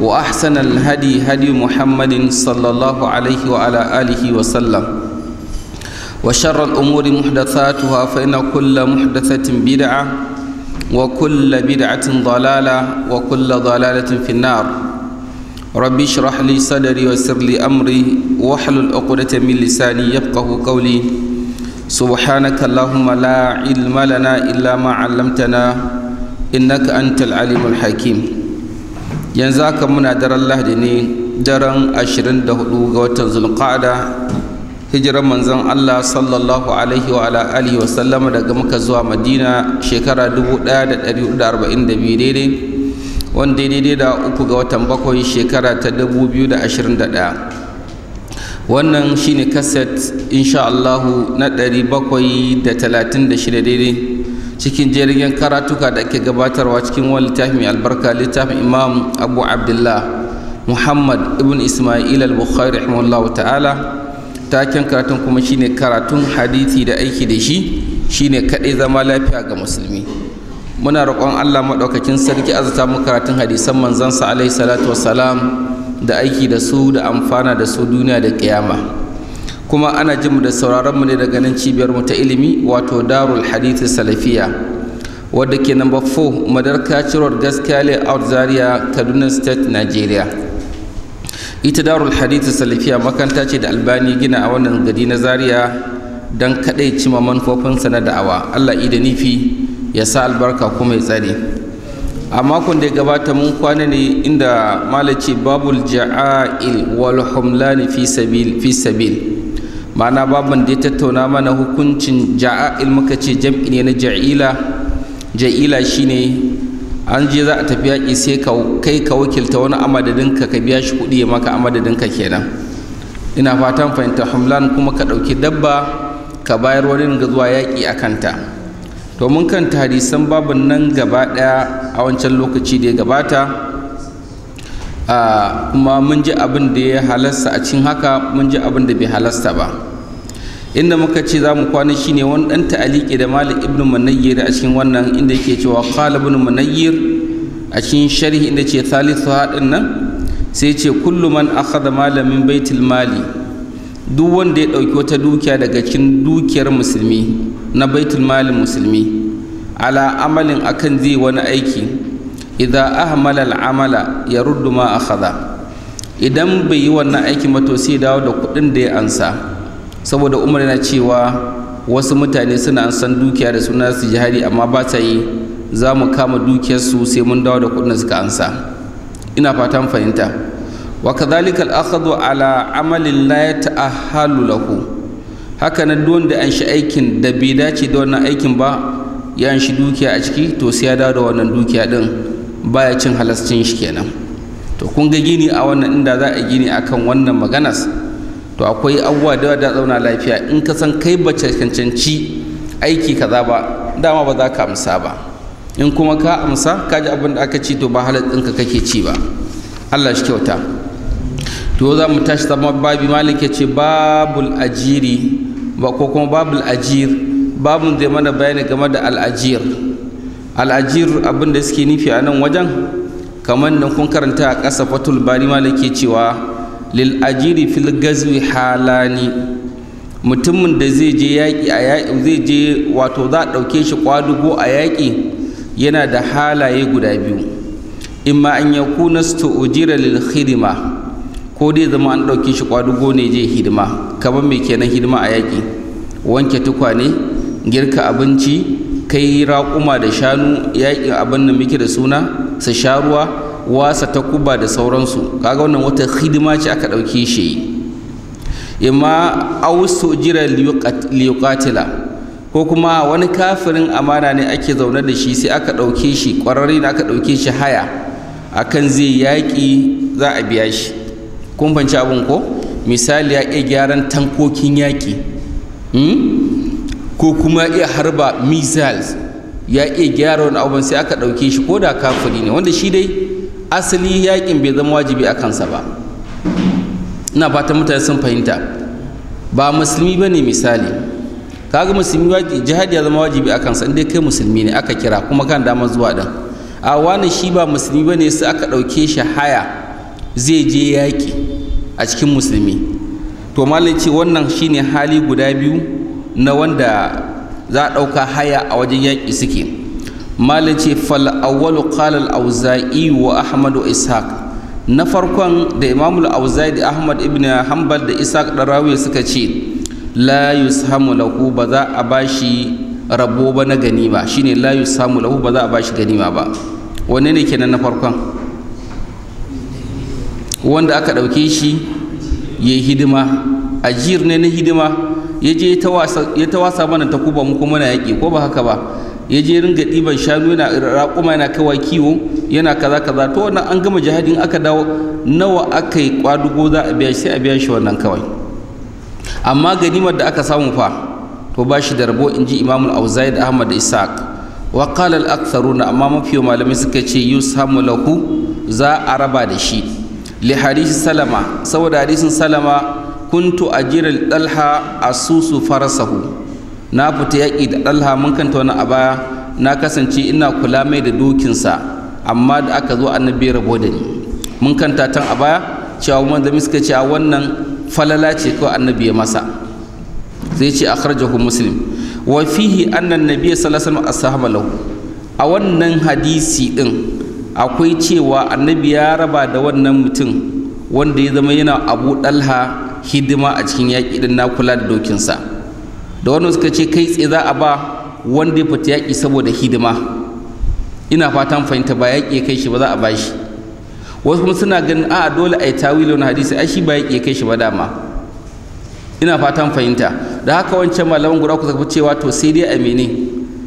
وأحسن الهدي هدي محمد صلى الله عليه وعلى آله وسلم وشر الأمور محدثاتها فإن كل محدثة بدعة وكل بدعة ضلالة وكل ضلالة في النار ربي اشرح لي صدري ويسر لي أمري واحلل عقدة من لساني يفقه قولي سبحانك اللهم لا علم لنا إلا ما علمتنا إنك أنت العليم الحكيم yanzu haka muna daren lahadi ne daren 24 ga watan zulqa'ada hijiran manzon Allah sallallahu alaihi wa ala alihi wa sallama daga muka zuwa Madina shekara 1442 daidai wanda daidai da uku ga watan bakwai shekara ta 2021 wannan shine kaset insha Allah na 736 daidai cikin jirgin karatuka da ake gabatarwa cikin wani littafi albarka littafin imam abu abdullah muhammad ibn ismail al-bukhari rahimahullah ta'ala taken karatun kuma shine karatun hadisi da aiki da shi shine kaɗai zama lafiya ga musulmi muna roƙon allah maɗaukakin sarki azata mu karatun hadisan manzansa alaihi salatu wasalam da aiki da su da amfana da su duniya da kiyama kuma ana jin mu da sauraron mu ne daga nan cibiyar mu ta ilimi wato Darul Hadith Salafiya wadda ke number 4 Madarka Gaskiya Layout Zaria Kaduna State Nigeria ita Darul Hadith Salafiya makanta ce da Albani gina a wannan gari na Zaria don kadai cima sa na da'awa Allah ida nifi ya sa albarka kuma ya tsare a makon da ya gabata mun kwana ne inda malaci babul ja'ail wal humlani fi sabil fi sabil ma'ana babban da ya tattauna mana hukuncin ja'a'il muka ce jam'i ne na ja'ila ja'ila shine an je za a tafi yaƙi sai kai ka wakilta wani amadadin ka ka biya shi kuɗi ya maka ka kenan ina fatan fahimta hamlan kuma ka ɗauki dabba ka bayar wani ga zuwa yaki a kanta to domin kan hadisan babin nan gaba ɗaya a wancan lokaci da ya gabata ah, kuma mun ji abin da ya halasta a cikin haka mun ji abin da bai halasta ba inda muka ce za mu kwana shi ne wani ɗan ta'aliki da malik ibn manayyar a cikin wannan inda yake cewa qala ibn munayyir a cikin sharhi inda ce thalithu hadin nan sai ce kullu man akhadha malamin baitul mali duk wanda ya ɗauki wata dukiya daga cikin dukiyar musulmi na baitul malin musulmi ala amalin akan zai wani aiki idan ahmala amala ya ruddu ma akhadha idan bai yi wannan aiki ba to sai dawo da kuɗin da ya ansa saboda umar yana cewa wasu mutane suna san dukiya da suna su jihari amma ba ta yi za mu kama dukiyarsu sai mun dawo da kudin suka ansa ina fatan fahimta wa kadhalika al-akhdhu ala amalin la yata'ahhalu lahu haka nan duk wanda an shi aikin da bai dace da wannan aikin ba ya an shi dukiya a ciki to sai ya dawo da wannan dukiya din baya cin halascin shi kenan to kun ga gini a wannan inda za a gini akan wannan maganas to akwai abubuwa da da zauna lafiya in ka san kai ba cancanci aiki kaza ba dama ba za ka amsa ba in kuma ka amsa ka ji abin da aka ci to ba halar ɗinka kake ci ba Allah shi kyauta to za mu tashi zama babi malik ya ce babul ajiri ba ko kuma babul ajir babun zai mana bayani game da al'ajir al'ajir abin da suke nufi a nan wajen kamar nan kun karanta a ƙasa fatul bari malik cewa lil ajiri fil gazwi halani mutumin da zai je yaƙi a yaƙi zai je wato za a ɗauke shi ƙwadugo a yaƙi yana da halaye guda biyu imma an ya kuna ujira lil hidima ko dai zama an ɗauke shi ƙwadugo ne je hidima kamar mai kenan hidima a yaƙi wanke tukwane girka abinci kai raƙuma da shanu yaƙin abin da muke da suna su sha ruwa wasa ta kuba da sauransu kaga wannan wata hidima ce aka ɗauke shi yi imma ausu jira liyuqatila ko kuma wani kafirin amana ne ake zaune da shi sai aka ɗauke shi ƙwararre ne aka ɗauke shi haya akan zai yaƙi za a biya shi kumfanci abin ko misali ya iya gyaran tankokin yaƙi hmm? ko kuma iya harba missiles ya iya gyara wani abin sai aka ɗauke shi ko da kafiri ne wanda shi dai asali yakin bai zama wajibi a kansa ba ina fatan mutane sun fahimta ba musulmi ba ne misali kaga musulmi jihadi ya zama wajibi a kansa inda kai musulmi ne aka kira kuma kan dama zuwa ɗan a wani shi ba musulmi ba ne su aka ɗauke shi haya zai je yaƙi a cikin musulmi to malin ce wannan shine hali guda biyu na wanda za a ɗauka haya a wajen yaƙi suke malin ce fal'awwalu qalal auza'i wa ahmadu ishaq na farkon da imamul auza'i da ahmad ibn hanbal da ishaq rawi suka ce la yusamu lahu ba za a bashi rabo ba na ganima shine la yusamu lahu ba za a bashi ganima ba wanne ne kenan na farkon wanda aka dauke shi ya yi hidima ajir ne na hidima ya je ya tawasa mana ta kuba mu kuma na yaƙi ko ba haka ba ya je ringa ɗiban shanu yana raƙuma yana kaiwa kiwo yana kaza kaza to wannan an gama jihadin aka dawo nawa aka yi kwadugo za a biya sai a biya shi wannan kawai amma ganimar da aka samu fa to ba shi da rabo in ji imamul auzai da ahmad isaac wa qala al aktharuna amma mafi malamai suka ce yusamu lahu za a raba da shi li hadisi salama saboda hadisin salama kuntu ajiral dalha asusu farasahu na fita yaƙi da ɗalha mun kanta wani a baya na kasance ina kula mai da dukinsa amma da aka zo annabi ya rabo da ni mun kanta tan a baya cewa wanda suka cewa wannan falala ce kawai annabi ya masa zai ce akhrajahu muslim wa fihi anna annabiyya sallallahu alaihi wasallam lahu a wannan hadisi din akwai cewa annabi ya raba da wannan mutum wanda ya zama yana abu dalha hidima a cikin yaƙi din na kula da dokinsa da wani suka ce kai tsaye za a ba wanda ya fita yaƙi saboda hidima ina fatan fahimta ba yaƙi ya kai shi ba za a ba shi wasu kuma suna ganin a dole a yi tawili na hadisi a shi ba yaƙi ya kai shi ba dama ina fatan fahimta da haka wancan malaman guda kusa cewa to sai dai a mene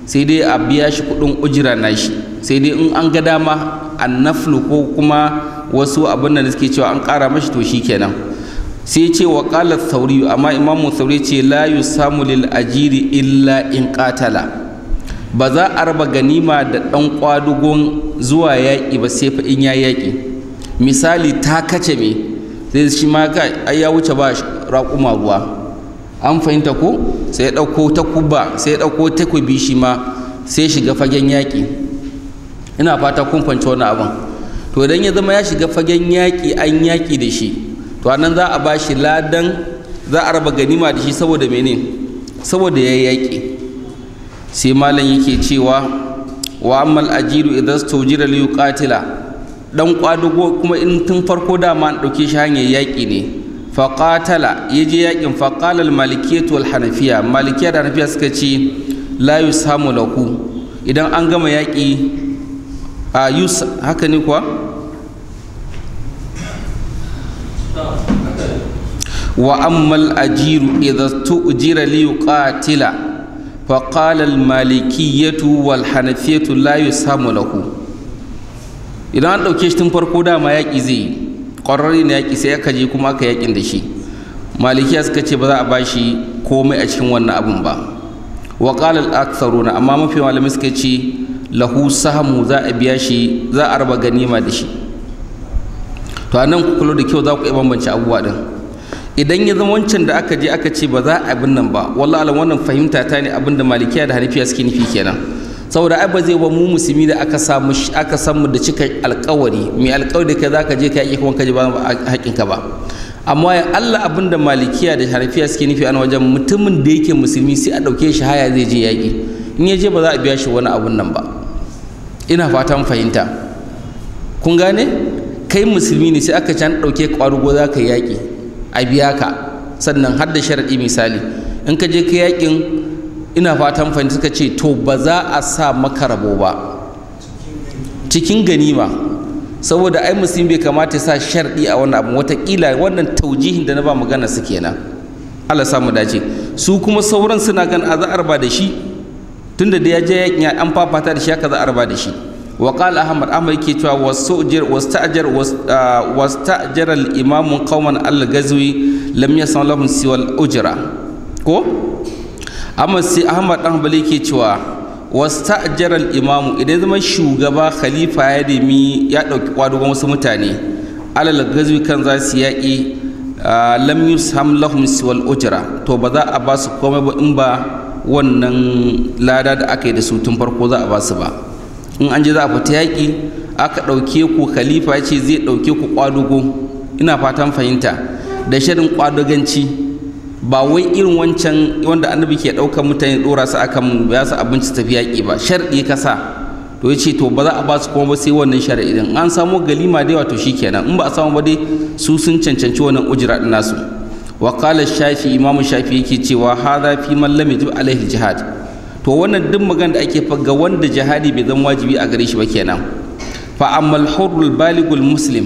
sai dai a biya shi kuɗin ujira na shi sai dai in an ga dama a annaflu ko kuma wasu abin da suke cewa an ƙara mashi to shi kenan sai ce wa qala sauri amma imamu sauri ce la samu lil ajiri illa in qatala ba za a raba ganima da dan kwadugon zuwa yaƙi ba sai fa in ya yaƙi misali ta kace me sai shi ma ka ya wuce ba raƙuma ruwa an fahimta ko sai ya ɗauko takuba sai ya ɗauko takobi shi ma sai shiga fagen yaƙi ina fata kun fanci wani abin to idan ya zama ya shiga fagen yaƙi an yaƙi da shi to nan za a ba shi ladan za a raba ganima da shi saboda mene saboda ya yaƙi sai malam yake cewa wa ammal ajiru idan stojira li yuqatila dan kwadugo kuma in tun farko dama an dauke shi hanyar yaƙi ne fa ya je yaƙin fa qala al malikiyatu wal hanafiya malikiya da hanafiya suka ce la yusamu laku idan an gama yaƙi a yus haka ne kuwa wa ammal ajiru idza tu'jira li yuqatila fa qala al wal hanafiyatu la yusamu lahu idan an dauke shi tun farko dama yaki zai ƙwararri na yaki sai aka je kuma aka yakin da shi malikiya suka ce ba za a bashi komai a cikin wannan abun ba wa qala al aktharuna amma mafi malamai suka ce lahu sahamu za a biya shi za a raba ganima da shi to a nan kula da kyau za ku iya bambance abubuwa din idan ya zama wancan da aka je aka ce ba za a nan ba wallahi alam wannan fahimta ta ne abin da malikiya da hanifiya suke nufi kenan saboda ai ba zai ba mu musulmi da aka samu da cika alkawari mai alkawari kai ka je ka kai kuma ka ji ba haƙinka ba amma ya Allah abin da malikiya da hanafiya suke nufi an wajen mutumin da yake musulmi sai a ɗauke shi haya zai je yaƙi in ya je ba za a biya shi wani abun nan ba ina fatan fahimta kun gane kai musulmi ne sai aka can ɗauke ƙwarugo za ka yaƙi a biya ka sannan har da sharaɗi misali in ka je ka yaƙin ina fatan fahimta suka ce to ba za a sa maka rabo ba cikin ganima saboda ai musulmi bai kamata ya sa sharaɗi a wannan abu watakila wannan taujihin da na ba magana su kenan Allah samu dace su kuma sauran suna gan a za'ar ba da shi tunda da ya je yaƙin an fafata da shi haka za'ar ba da shi wa qala ahmad ahmad yake cewa wasujir wastajar wastajar al imam qauman gazwi lam yasan lahum siwa ko amma sai ahmad dan bali cewa wastajar al imam idan zama shugaba khalifa ya demi ya dauki kwadugon wasu mutane alal gazwi kan za su yaƙi to ba za a komai ba in ba wannan lada da aka yi da su tun farko za a basu ba in an ji za a fita yaƙi aka ɗauke ku khalifa ce zai ɗauke ku ƙwadugo ina fatan fahimta da shirin ƙwaduganci ba wai irin wancan wanda annabi ke ɗaukar mutane ɗora su akan ba su abinci tafi yaƙi ba shar'i ka sa to ya ce to ba za a ba su kuma ba sai wannan shar'i din an samo galima da yawa to shi kenan in ba a samu ba dai su sun cancanci wannan ujira din nasu wa qala shafi imamu shafi yake cewa hadha fi man lam yajib alaihi jihad to wannan duk magana da ake ga wanda jihadi bai zama wajibi a gare shi ba kenan fa ammal hurrul baligul muslim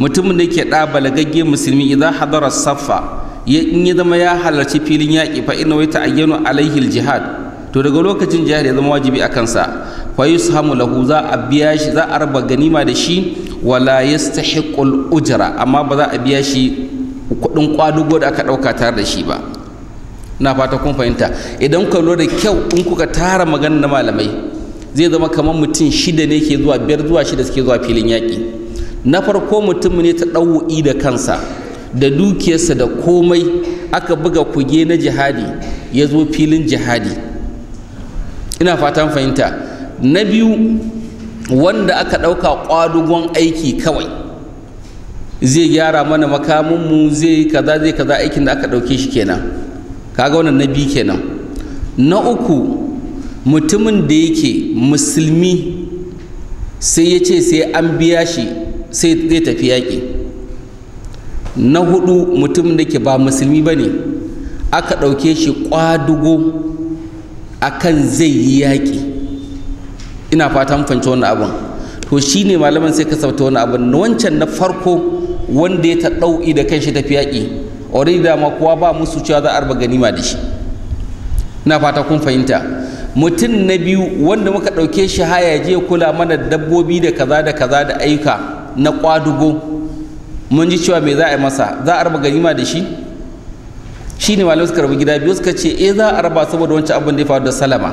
mutumin da ke da balagagge musulmi idan hadara saffa in ya zama ya halarci filin yaƙi fa inna wai ta'ayyanu alaihi jihad to daga lokacin jihad ya zama wajibi a kansa fa yushamu lahu za a biya shi za a raba ganima da shi wala yastahiqul ujra amma ba za a biya shi kuɗin kwadugo da aka ɗauka tare da shi ba na fata kun fahimta idan ka lura da kyau in kuka tara magana na malamai zai zama kamar mutum shida ne ke zuwa biyar zuwa shida suke zuwa filin yaƙi na farko mutum ne ta ɗau'i da kansa da dukiyarsa da komai aka buga kuge na jihadi ya zo filin jihadi ina fatan fahimta na biyu wanda aka ɗauka ƙwadugon aiki kawai zai gyara mana makaminmu zai kaza zai kaza aikin da aka ɗauke shi kenan kaga wannan na biyu kenan na uku mutumin da yake musulmi sai ya ce sai an biya shi sai zai tafi yaƙi na hudu mutumin da ke ba musulmi ba ne aka ɗauke shi ƙwadugo a kan zai yi yaƙi ina fata fahimci wani abin to shi ne malaman sai ka sabta wani abin na wancan na farko wanda ya ta ɗau'i da kan shi tafi yaƙi ori da ma kuwa ba musu cewa za a arba ganima da shi na fata kun fahimta mutum na biyu wanda muka ɗauke shi haya je kula mana dabbobi da kaza da kaza da ayyuka na kwadugo mun ji cewa me za a yi masa za a arba ganima da shi shi ne malamai suka rabu gida biyu suka ce e za a arba saboda wancan abin da ya faru da salama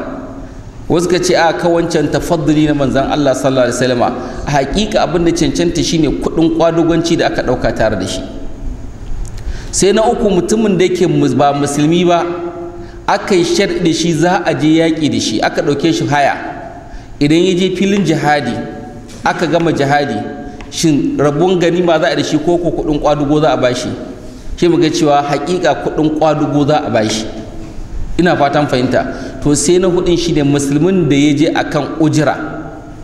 wasu ka ce a ka wancan tafadduli na manzan Allah sallallahu alaihi wasallam a hakika abin da cancanta shine kudin kwadugonci da aka dauka tare da shi sai na uku mutumin da yake ba musulmi ba aka yi da shi za a je yaƙi da shi aka ɗauke shi haya idan ya je filin jihadi aka gama jihadi shin rabon gani ma za a da shi ko kuɗin ƙwadugo za a bashi shi ga cewa haƙiƙa kuɗin ƙwadugo za a bashi ina fatan fahimta to sai na hudun shi ne musulmin da ya je akan ujira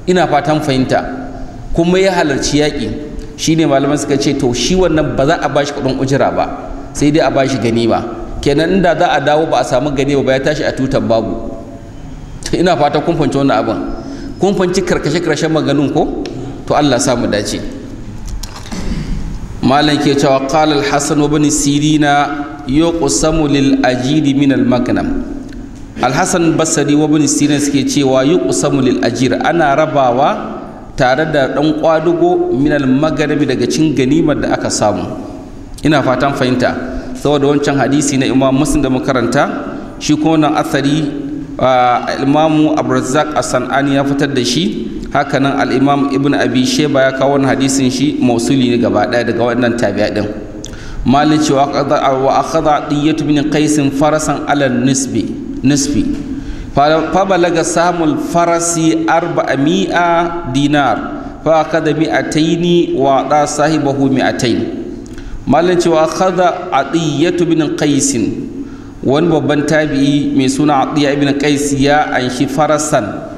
ina fatan fahimta kuma ya halarci yaƙi shine malaman suka ce to shi wannan ba za a bashi kuɗin ujira ba sai dai a bashi gani ba kenan inda za a dawo ba a samu gani ba ya tashi a tutan babu ina fata kun fanci wannan abin kun fanci karkashe karshen maganin ko to Allah samu dace malam ke cewa qala al-hasan bani sirina yuqsamu lil ajiri min al-magnam al-hasan basri bani sirina suke cewa yuqsamu lil ajir ana rabawa tare da ɗan ƙwadugo minal magarabi daga cin ganimar da aka samu ina fatan fahimta saboda wancan hadisi na imam muslim da makaranta shi kuma nan athari imamu abrazak a sanani ya fitar da shi hakanan al-imam ibn abi sheba ya kawo wannan hadisin shi mausuli ne gaba ɗaya daga wannan tabi'a ɗin malin cewa wa akhadha diyatu min qais farasan ala nisbi nisbi فبلغ سهم الفرس أربعمائة دينار فأخذ مئتين وأعطى صاحبه مئتين مالن وأخذ عطية بن قيس wani babban tabi'i mai suna atiya ibn qais ya anshi farasan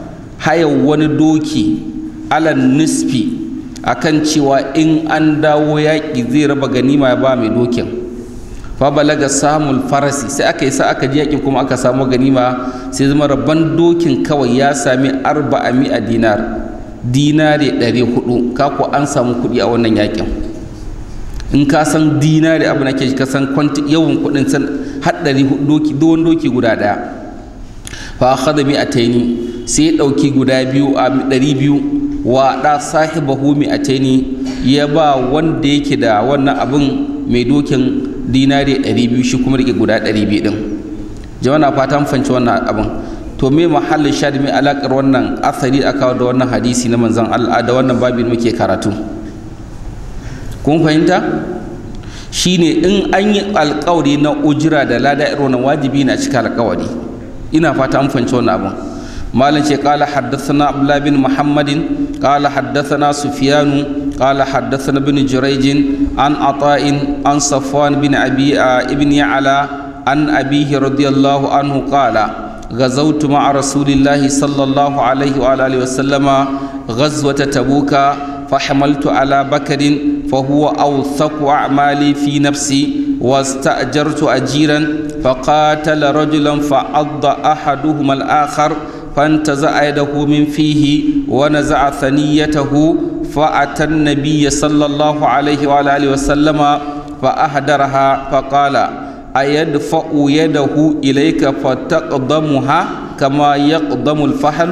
hayan wani doki alan nisfi akan cewa in an dawo yaƙi zai raba ganima ya ba mai dokin fa balaga samul farasi sai aka yi sa aka ji yakin kuma aka samu ganima sai zama rabban dokin kawai ya sami arba'ami mi'a dinar dinare ɗari hudu kako an samu kuɗi a wannan yakin in ka san dinare abu na ke ka san yawan kuɗin san haɗari doki doon doki guda ɗaya fa a taini sai ya ɗauki guda biyu a ɗari biyu wa ɗa sahibahu taini ya ba wanda yake da wannan abin mai dokin dinari biyu shi kuma rike guda biyu din jama'a na fata mun wannan abin to me mahallin shahid me alaƙar wannan asali a kawo da wannan hadisi na manzan Allah da wannan babin muke karatu kun fahimta shine in an yi alƙawari na ujira da lada irin wajibi na cika alƙawari ina fata an fahimci wannan abin malam ce qala haddathana abdullah bin muhammadin qala haddathana sufyanu قال حدثنا بن جريج عن عطاء عن صفوان بن أبي ابن يعلى عن أبيه رضي الله عنه قال غزوت مع رسول الله صلى الله عليه وآله وسلم غزوة تبوك فحملت على بكر فهو أوثق أعمالي في نفسي واستأجرت أجيرا فقاتل رجلا فعض أحدهما الآخر فانتزع يده من فيه ونزع ثنيته فأتى النبي صلى الله عليه وعلى آله وسلم فأهدرها فقال أيدفع يده إليك فتقدمها كما يقدم الفحل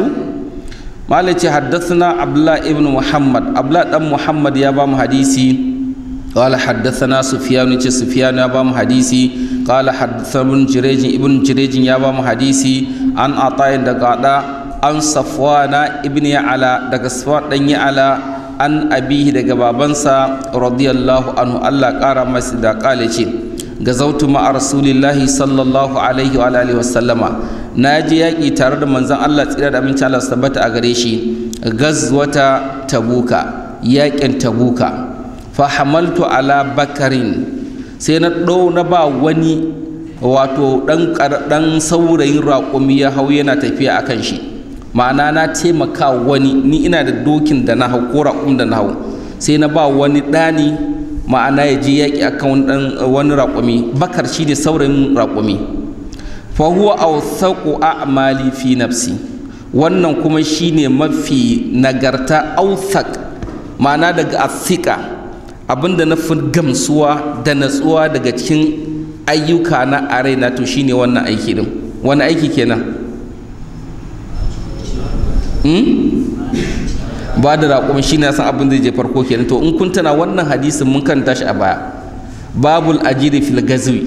مالك حدثنا عبد الله ابن محمد عبد الله ابن محمد يا بام حديثي قال حدثنا سفيان سفيان يا بام حديثي قال حدثنا ابن جريج ابن جريج يا بام حديثي عن عطاء دقادا عن صفوان ابن يعلى دقا صفوان يعلى an abihi daga babansa radiyallahu anhu Allah ƙara masa da ƙale ce zautu ma'a rasulillahi sallallahu alaihi wa alihi wasallama na je yaƙi tare da manzon Allah tsira da aminci Allah sabbata a gare shi gazwata tabuka yaƙin tabuka fa hamaltu ala bakarin sai na ɗau na ba wani wato ɗan saurayin raƙumi ya hau yana tafiya akan shi ma'ana na taimaka wani ni ina da dokin da na hau ko raƙum da na hau sai na ba wani ɗani ma'ana ya je yaƙi a kan wani raƙumi bakar shi ne saurayin raƙumi fahuwa authaku a'mali fi nafsi wannan kuma shi ne mafi nagarta authak ma'ana daga Afirka abinda na fi gamsuwa da natsuwa daga cikin ayyuka na a raina to shine wannan aiki din wani aiki kenan Hmm? ba da raƙumi shi na san abin zai je farko kenan to in kun tana wannan hadisin mun kan tashi a baya babul ajiri fil gazwi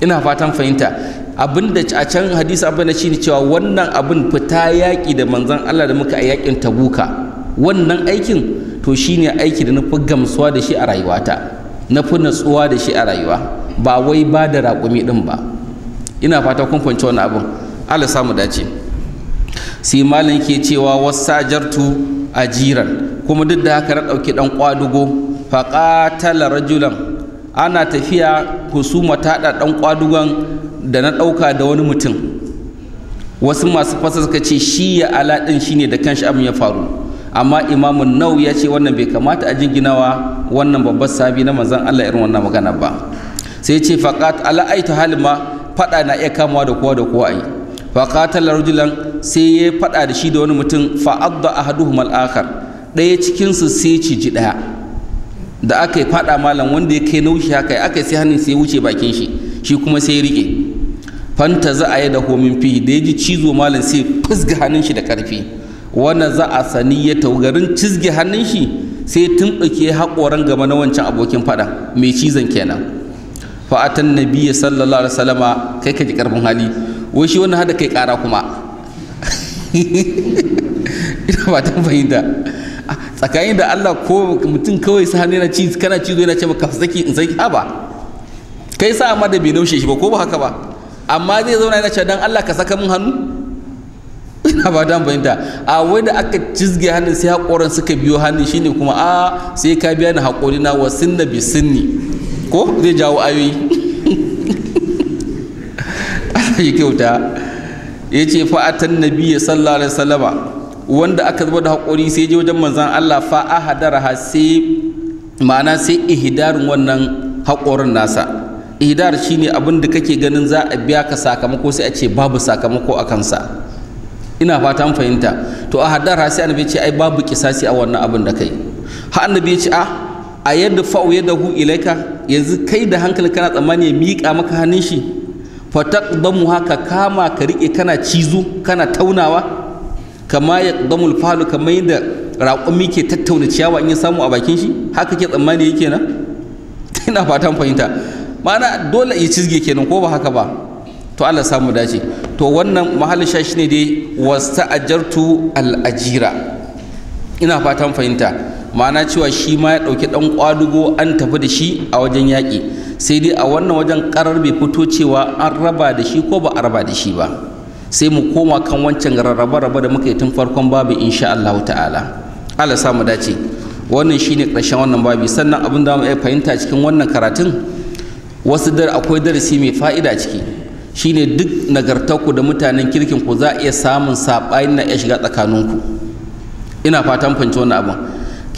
ina fatan fahimta abin da a can hadisi abin da shine cewa wannan abin fita yaƙi da manzan Allah da muka a yaƙin tabuka wannan aikin to shine aiki da na fi gamsuwa da shi a rayuwata na fi natsuwa da shi a rayuwa ba wai ba da raƙumi ɗin ba ina fata kun fahimci wani abin Allah samu dace sai malam ke cewa wasa a jiran kuma duk da haka na ɗauki ɗan ƙwadugo faƙatala rajulan ana tafiya husuma ta haɗa ɗan ƙwadugon da na ɗauka da wani mutum wasu masu fasa suka ce shi ya ala ɗin shine da kanshi abin ya faru amma imamun nau ya ce wannan bai kamata a jinginawa wannan babbar sabi na manzan Allah irin wannan magana ba sai ce faqat ala halima faɗa na iya kamawa da kowa da kowa yi fa qatala sai ya faɗa da shi da wani mutum fa adda ahaduhum al-akhar ɗaya cikin su sai ji ɗaya da aka yi faɗa malam wanda ya kai naushi haka aka sai hannun sai wuce bakin shi shi kuma sai ya rike fanta za a yi da homin fi da ya ji cizo malam sai fusga hannun shi da karfi wanda za a sani ya taugarin cizge hannun shi sai tumɓuke hakoran gaba na wancan abokin faɗa mai cizon kenan fa'atan nabiya sallallahu alaihi wasallama kai ka ji karfin hali wai shi wannan hada kai kara kuma ina ba ta fahimta ah, tsakanin da Allah ko mutum kawai sa hannu yana ci kana cizo yana ce maka saki in saki ba kai sa amma da bai naushe shi ba ko ba haka ba amma zai zauna yana cewa dan Allah ka saka mun hannu ina ba ta fahimta a wai da aka cizge hannun sai haƙoran suka biyo hannun shine kuma a sai ka biya ni hakori na wa sinna bi sinni ko zai jawo ayoyi mai kyauta ya ce fa'atan nabiya sallallahu alaihi wasallama wanda aka zuba da haƙuri sai je wajen manzan Allah fa ahadaraha sai ma'ana sai ihidarin wannan haƙorin nasa ihdar shine abin da kake ganin za a biya ka sakamako sai a ce babu sakamako a kansa ina fata an fahimta to a hadara sai annabi ce ai babu kisasi a wannan abin da kai ha annabi ce a ah, a yadda fa'u yadahu ilaika yanzu kai da hankali kana tsammani ya miƙa maka hannun shi fataqdamu haka kama ka rike kana cizo kana taunawa kama yaqdamul falu kamar yadda raƙumi ke tattauna ciyawa in ya samu a bakin shi haka ke tsammani yake na ina fatan fahimta ma'ana dole ya cizge kenan ko ba haka ba to Allah samu dace to wannan mahallin sha shine dai wasta'ajartu al-ajira ina fatan fahimta ma'ana cewa shi ma ya ɗauki ɗan ƙwadugo an tafi da shi a wajen yaƙi sai dai a wannan wajen karar bai fito cewa an raba da shi ko ba a raba da shi ba sai mu koma kan wancan rarraba-raba da muka yi tun farkon babu insha Allah ta'ala Allah sa mu dace wannan shine ƙarshen wannan babi sannan abin da mu iya fahimta cikin wannan karatun wasu dar akwai darasi mai fa'ida ciki shine duk nagartarku da mutanen kirkin ku za a iya samun saɓani na ya shiga tsakaninku ina fatan fahimci wannan abin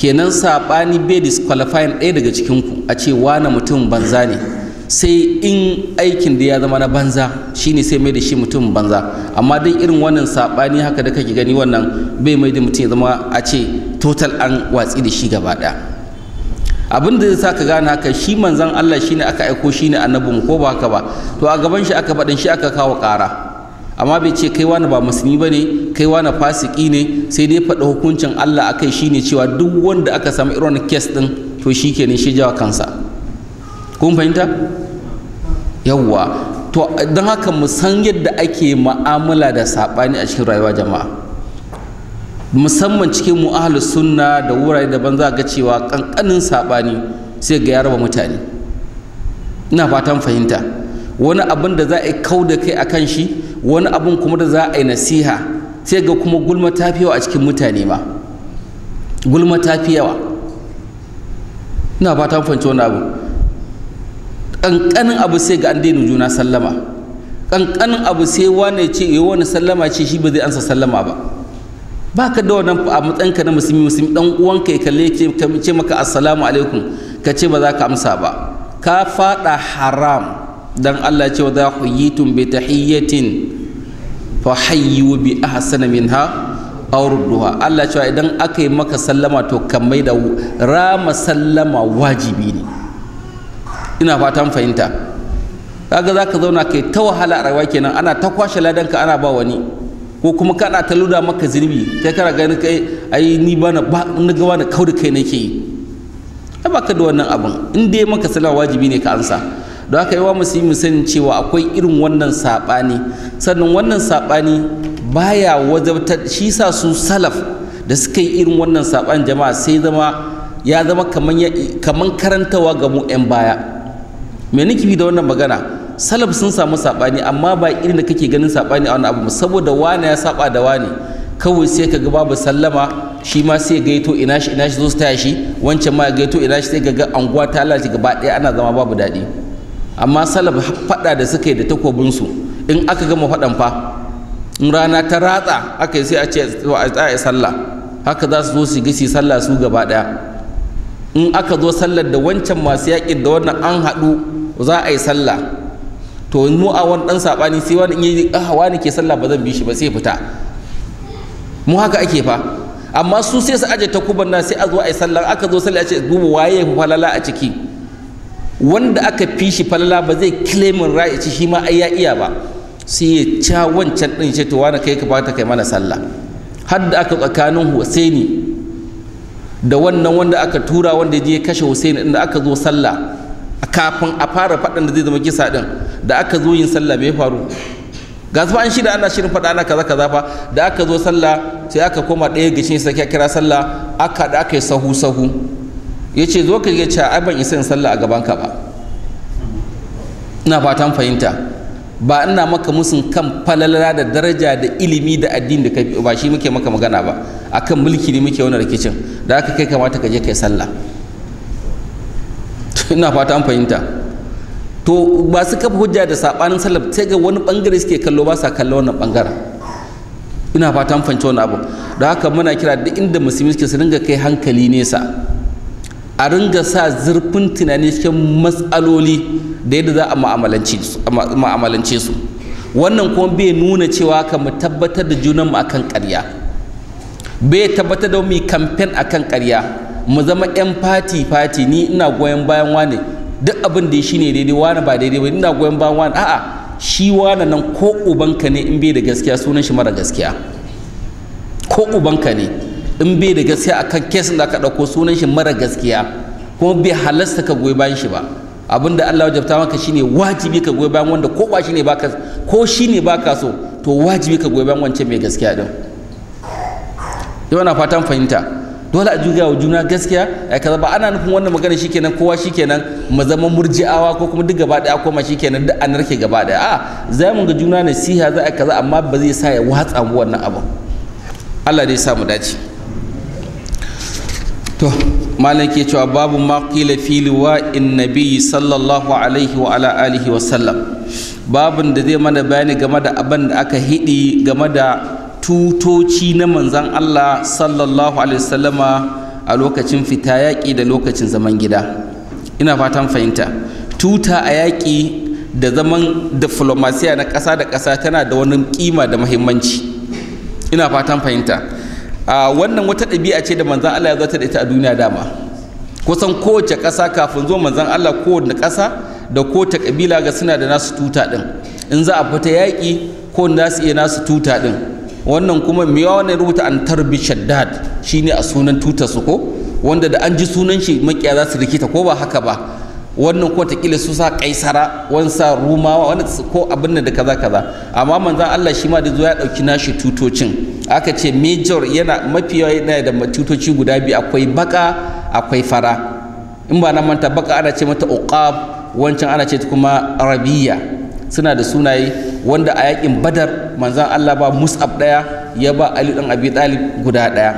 kenan saɓani bai disqualifying ɗaya daga cikinku a ce wane mutum banza ne sai in aikin da ya zama na banza shine sai mai da shi mutum banza amma dai irin wannan saɓani haka da kake gani wannan bai mai da mutum ya zama a ce total an watsi da shi gaba ɗaya abin da zai sa ka gane haka shi manzan Allah shine aka aiko shi ne annabin ko ba haka ba to a gaban shi aka faɗin shi aka kawo ƙara amma bai ce kaiwa wani ba musulmi ba ne kaiwa wani fasiki ne sai dai faɗa hukuncin Allah akai shine cewa duk wanda aka samu irin kes din to ne shi jawa kansa kun fahimta yawwa to don haka mu san yadda ake ma'amala da saɓani a cikin rayuwa jama'a musamman cikin mu'ahalu sunna da wurare daban za ga cewa ƙanƙanin saɓani sai ga ya raba mutane ina fatan fahimta wani abin da za a yi kau da kai a kan shi wani abin kuma da za a yi nasiha sai ga kuma gulma ta fi yawa a cikin mutane ma gulma ta fi yawa ina ta fahimci wani abu ƙanƙanin abu sai ga an daina juna sallama ƙanƙanin abu sai wane ce yi eh, wani sallama ce shi ba zai ansa sallama ba ba ka da wannan a matsayinka na musulmi musulmi dan uwanka ya kalle ce maka assalamu alaikum ka ce ba za ka amsa ba ka faɗa haram dan Allah ce wa za huyitum bi tahiyyatin fa hayyu bi ahsana minha aw rudduha Allah cewa idan aka yi maka sallama to kan mai da rama sallama wajibi ne ina fatan fahimta kaga zaka zauna kai ta wahala a rayuwa kenan ana ta kwashe ladanka ana ba wani ko kuma kana ta luda maka zunubi kai kana ganin kai ai ni bana ba na gaba na kai nake yi ba ka da wannan abin in dai maka sallama wajibi ne ka ansa don haka yawa musulmi cewa akwai irin wannan saɓani sannan wannan saɓani baya wajabtar shi sa su salaf da suka yi irin wannan saɓan jama'a sai zama ya zama kamar karantawa ga mu 'yan baya me nake da wannan magana salaf sun samu saɓani amma ba irin da kake ganin saɓani a wani abu saboda wane ya saɓa da wane kawai sai ka ga babu sallama shi ma sai gaito ina shi ina shi zo su taya shi wancan ma gaito ina shi sai ga anguwa ta lalace gaba ɗaya ana zama babu daɗi amma salaf fada da suka yi da takobinsu in aka gama fadan fa in rana ta ratsa aka yi sai a ce a tsaya sallah haka za su zo su gishi sallah su gaba daya in aka zo sallar da wancan masu yaƙin da wannan an haɗu za a yi sallah to mu a wani ɗan saɓani sai wani in yi ah wani ke sallah ba zan bi shi ba sai fita mu haka ake fa amma su sai su aje takuban na sai a zo a yi sallah aka zo sallah a ce dubu waye falala a ciki wanda aka fi shi falala ba zai kilemin ra'ayi ci shi ma ai ya iya ba sai ya ca wancan din shi to wani kai ka fata kai mana sallah har da aka tsakanin Husaini da wannan wanda aka tura wanda ya je kashe Husaini inda aka zo sallah kafin a fara faɗin da zai zama kisa din da aka zo yin sallah bai faru ga an shida ana shirin faɗa ana kaza kaza fa da aka zo sallah sai aka koma ɗaya gishin sai kira sallah aka da aka yi sahu sahu ya ce zo ka yi ce ai ban isa in sallah a gaban ka ba ina fatan fahimta ba ina maka musun kan falala da daraja da ilimi da addini da kai ba shi muke maka magana ba akan mulki ne muke wani rikicin da aka kai kamata ka je kai sallah ina fata an fahimta to ba su kafa hujja da sabanin sallah sai ga wani bangare suke kallo ba sa kallo wannan bangaren ina fata an fahimci wani abu da haka muna kira duk inda musulmi suke su dinga kai hankali nesa a ringa sa zurfin tunani cikin matsaloli da yadda za a ma'amalance su wannan kuma bai nuna cewa ka mu tabbatar da junanmu akan ƙarya bai tabbatar da mu kamfen akan karya. mu zama 'yan fati fati ni ina goyon bayan wane duk abin da shi ne daidai wane ba daidai ba ina goyon bayan wane a'a shi wane nan ko ubanka ne in bai da gaskiya sunan shi mara gaskiya ko ubanka ne in bai da gaskiya a kan kesin da aka ɗauko sunan shi mara gaskiya kuma bai halasta ka goyi bayan shi ba abin da Allah wajabta maka shine wajibi ka goyi bayan wanda ko ba ne baka ko shi ne baka so to wajibi ka goyi bayan wancan mai gaskiya ɗin yau na fatan fahimta dole a juga wa juna gaskiya ya kaza ba ana nufin wannan magana shikenan kowa shikenan mu zama murji'awa ko kuma duk gaba daya koma shikenan duk anarke gaba daya a za mu ga juna nasiha za a kaza amma ba zai sa ya watsa mu wannan abu. Allah dai sa mu dace to malam ke cewa babu ma qila fi in nabi sallallahu alaihi wa ala alihi wa sallam babun da zai mana bayani game da abin da aka hidi game da tutoci na manzan Allah sallallahu alaihi sallama a lokacin fita yaƙi da lokacin zaman gida ina fatan fahimta tuta a yaƙi da zaman diflomasiya na ƙasa da ƙasa tana da wani ƙima da muhimmanci ina fatan fahimta wannan wata ɗabi'a ce da manzan Allah ya zata da ita a duniya dama kusan kowace ƙasa kafin zo manzan Allah kowace ƙasa da kowace ƙabila ga suna da nasu tuta ɗin in za a fita yaƙi ko na su iya nasu tuta ɗin wannan kuma miyawa ne rubuta an tarbi shaddad shine a sunan tutar su ko wanda da an ji sunan shi makiya za su rikita ko ba haka ba wannan ko kila su sa kaisara wansa rumawa wani ko abin da kaza kaza amma manzan Allah shi ma da zo ya dauki nashi tutocin aka ce major yana mafi yawa yana da tutoci guda biyu akwai baka akwai fara in ba na manta baka ana ce mata uqab wancan ana ce kuma arabiya suna da sunaye wanda a yakin badar manzan Allah ba mus'ab daya ya ba ali dan abi talib guda daya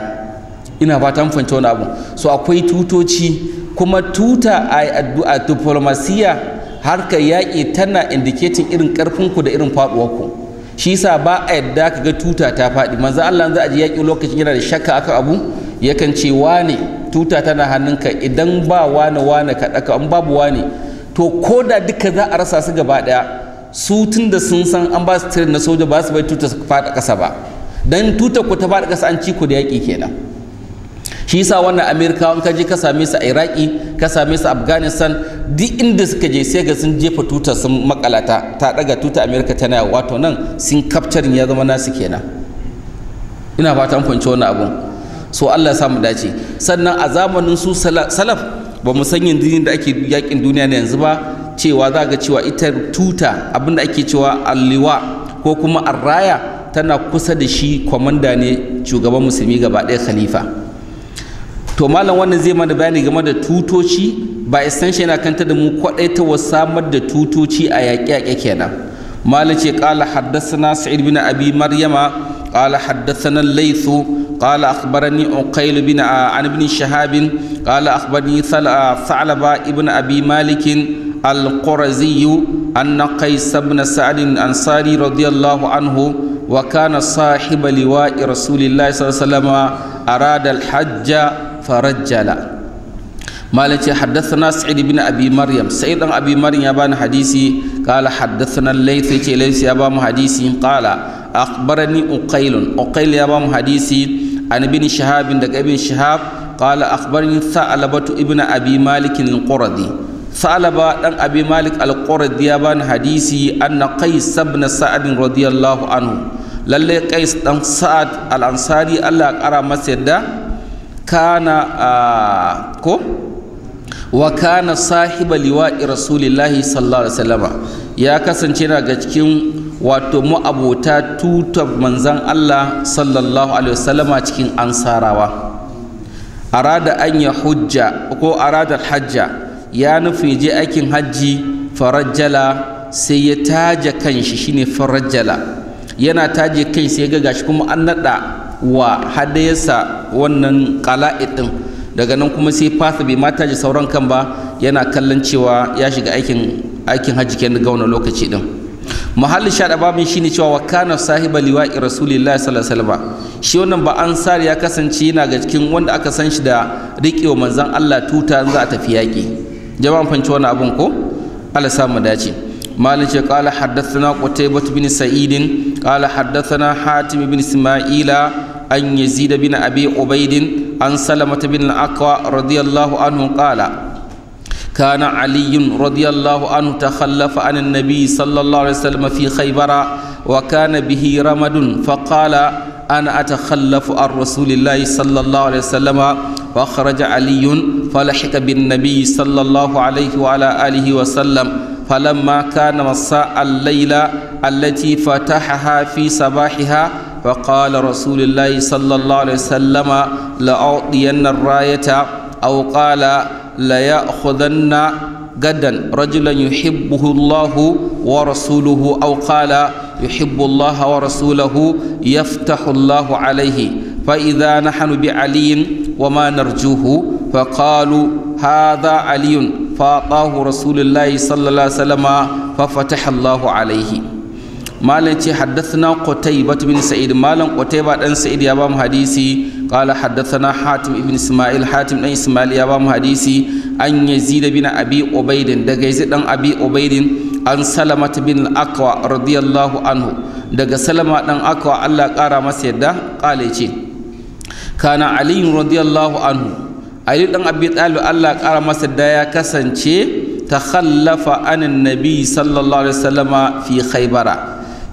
ina fatan fahimci wani abu so akwai tutoci kuma tuta a addua diplomasiya ka yaƙi tana indiketin irin ƙarfinku da irin faɗuwarku shi yasa ba a yadda ka ga tuta ta faɗi manzo Allah za a ji yaƙi lokacin yana da shakka akan abu yakan ce wane tuta tana hannunka idan ba wane wane ka ɗaka an babu wane to ko da duka za a rasa su gaba ɗaya su tun da sun san an ba su na soja ba su bai tuta su faɗa ƙasa ba dan tuta ku ta faɗa ƙasa an ci ku da yaƙi kenan shi yasa wannan amirka ka je ka same su a iraki ka same su afghanistan duk inda suka je sai ga sun jefa tuta sun makalata ta daga tuta amerika tana wato nan sun capturing ya zama nasu kenan ina fata an fahimci wannan abun so Allah ya samu dace sannan a zamanin su salaf ba mu san yanzu da ake yakin duniya na yanzu ba cewa za ga cewa ita tuta abinda ake cewa alliwa ko kuma arraya tana kusa da shi kwamanda ne shugaban musulmi gaba ɗaya khalifa to malam wannan zai mana bani game da tutoci ba extension yana kanta da mu kwaɗai ta samar da tutoci a yaƙe-yaƙe kenan malam ce kala haddasana sa'id bin abi maryama kala haddasana laitho kala akhbarani uqayl bin an ibn shahabin kala akhbarani sa'laba ibn abi malikin القرزي أن قيس بن سعد الأنصاري رضي الله عنه وكان صاحب لواء رسول الله صلى الله عليه وسلم أراد الحج farajjala malam ce haddathana sa'id bin abi maryam sa'id dan abi maryam ya bani hadisi qala haddathana layth ce layth ya ba mu hadisi qala akhbarani uqail uqail ya ba hadisi an ibn shahab daga ibn shahab qala akhbarani sa'labatu ibn abi malik al-quradi sa'laba dan abi malik ya bani hadisi anna qais ibn sa'd radiyallahu anhu lallai qais dan sa'ad al-ansari Allah ya kara masa yadda kana ko wa kana sahiba liwa'i rasulillahi sallallahu alaihi wasallam ya kasance ga cikin wato ma'abota tutar manzan Allah sallallahu alaihi wasallam cikin ansarawa arada an ya hujja ko arada hajja ya nufi je aikin hajji farajjala sai ya taje kanshi shine farajjala yana taje kai sai ga gashi kuma an nada wa hadayarsa wannan kala ɗin daga nan kuma sai fasa bai mata ji sauran kan ba yana kallon cewa ya shiga aikin aikin hajji kenan ga wannan lokaci din mahallin shaɗa babin shine cewa wa kana sahiba liwa'i rasulillahi sallallahu alaihi wasallam shi wannan ba ansar ya kasance yana ga cikin wanda aka san shi da riƙewa manzon Allah tuta za a tafi yaki. jama'an fanci wannan abun ko Allah sa mu dace مالك qala حدثنا qutaybah bin سعيد qala حدثنا hatim bin isma'ila an yazid bin abi ubaidin an salamata bin al-aqwa radiyallahu anhu qala كان علي رضي الله عنه تخلف عن النبي صلى الله عليه وسلم في خيبر وكان به رمد فقال أنا أتخلف عن رسول الله صلى الله عليه وسلم فخرج علي فلحق بالنبي صلى الله عليه وعلى آله وسلم فلما كان مساء الليلة التي فتحها في صباحها وقال رسول الله صلى الله عليه وسلم لأعطين الراية أو قال ليأخذن غدا رجلا يحبه الله ورسوله أو قال يحب الله ورسوله يفتح الله عليه فإذا نحن بعلي وما نرجوه فقالوا هذا علي فأعطاه رسول الله صلى الله عليه وسلم ففتح الله عليه malam ce haddathana qutaybah bin sa'id malam qutaybah dan sa'id ya ba hadisi qala haddathana hatim ibn isma'il hatim dan isma'il ya ba hadisi an yazid bin abi ubaidin daga yazid dan abi ubaidin an salamat bin al radiyallahu anhu daga salama dan aqwa Allah kara masa yadda qala ce kana ali radiyallahu anhu ali dan abi talib Allah kara masa da ya kasance kallafa anan nabi sallallahu alaihi wasallama fi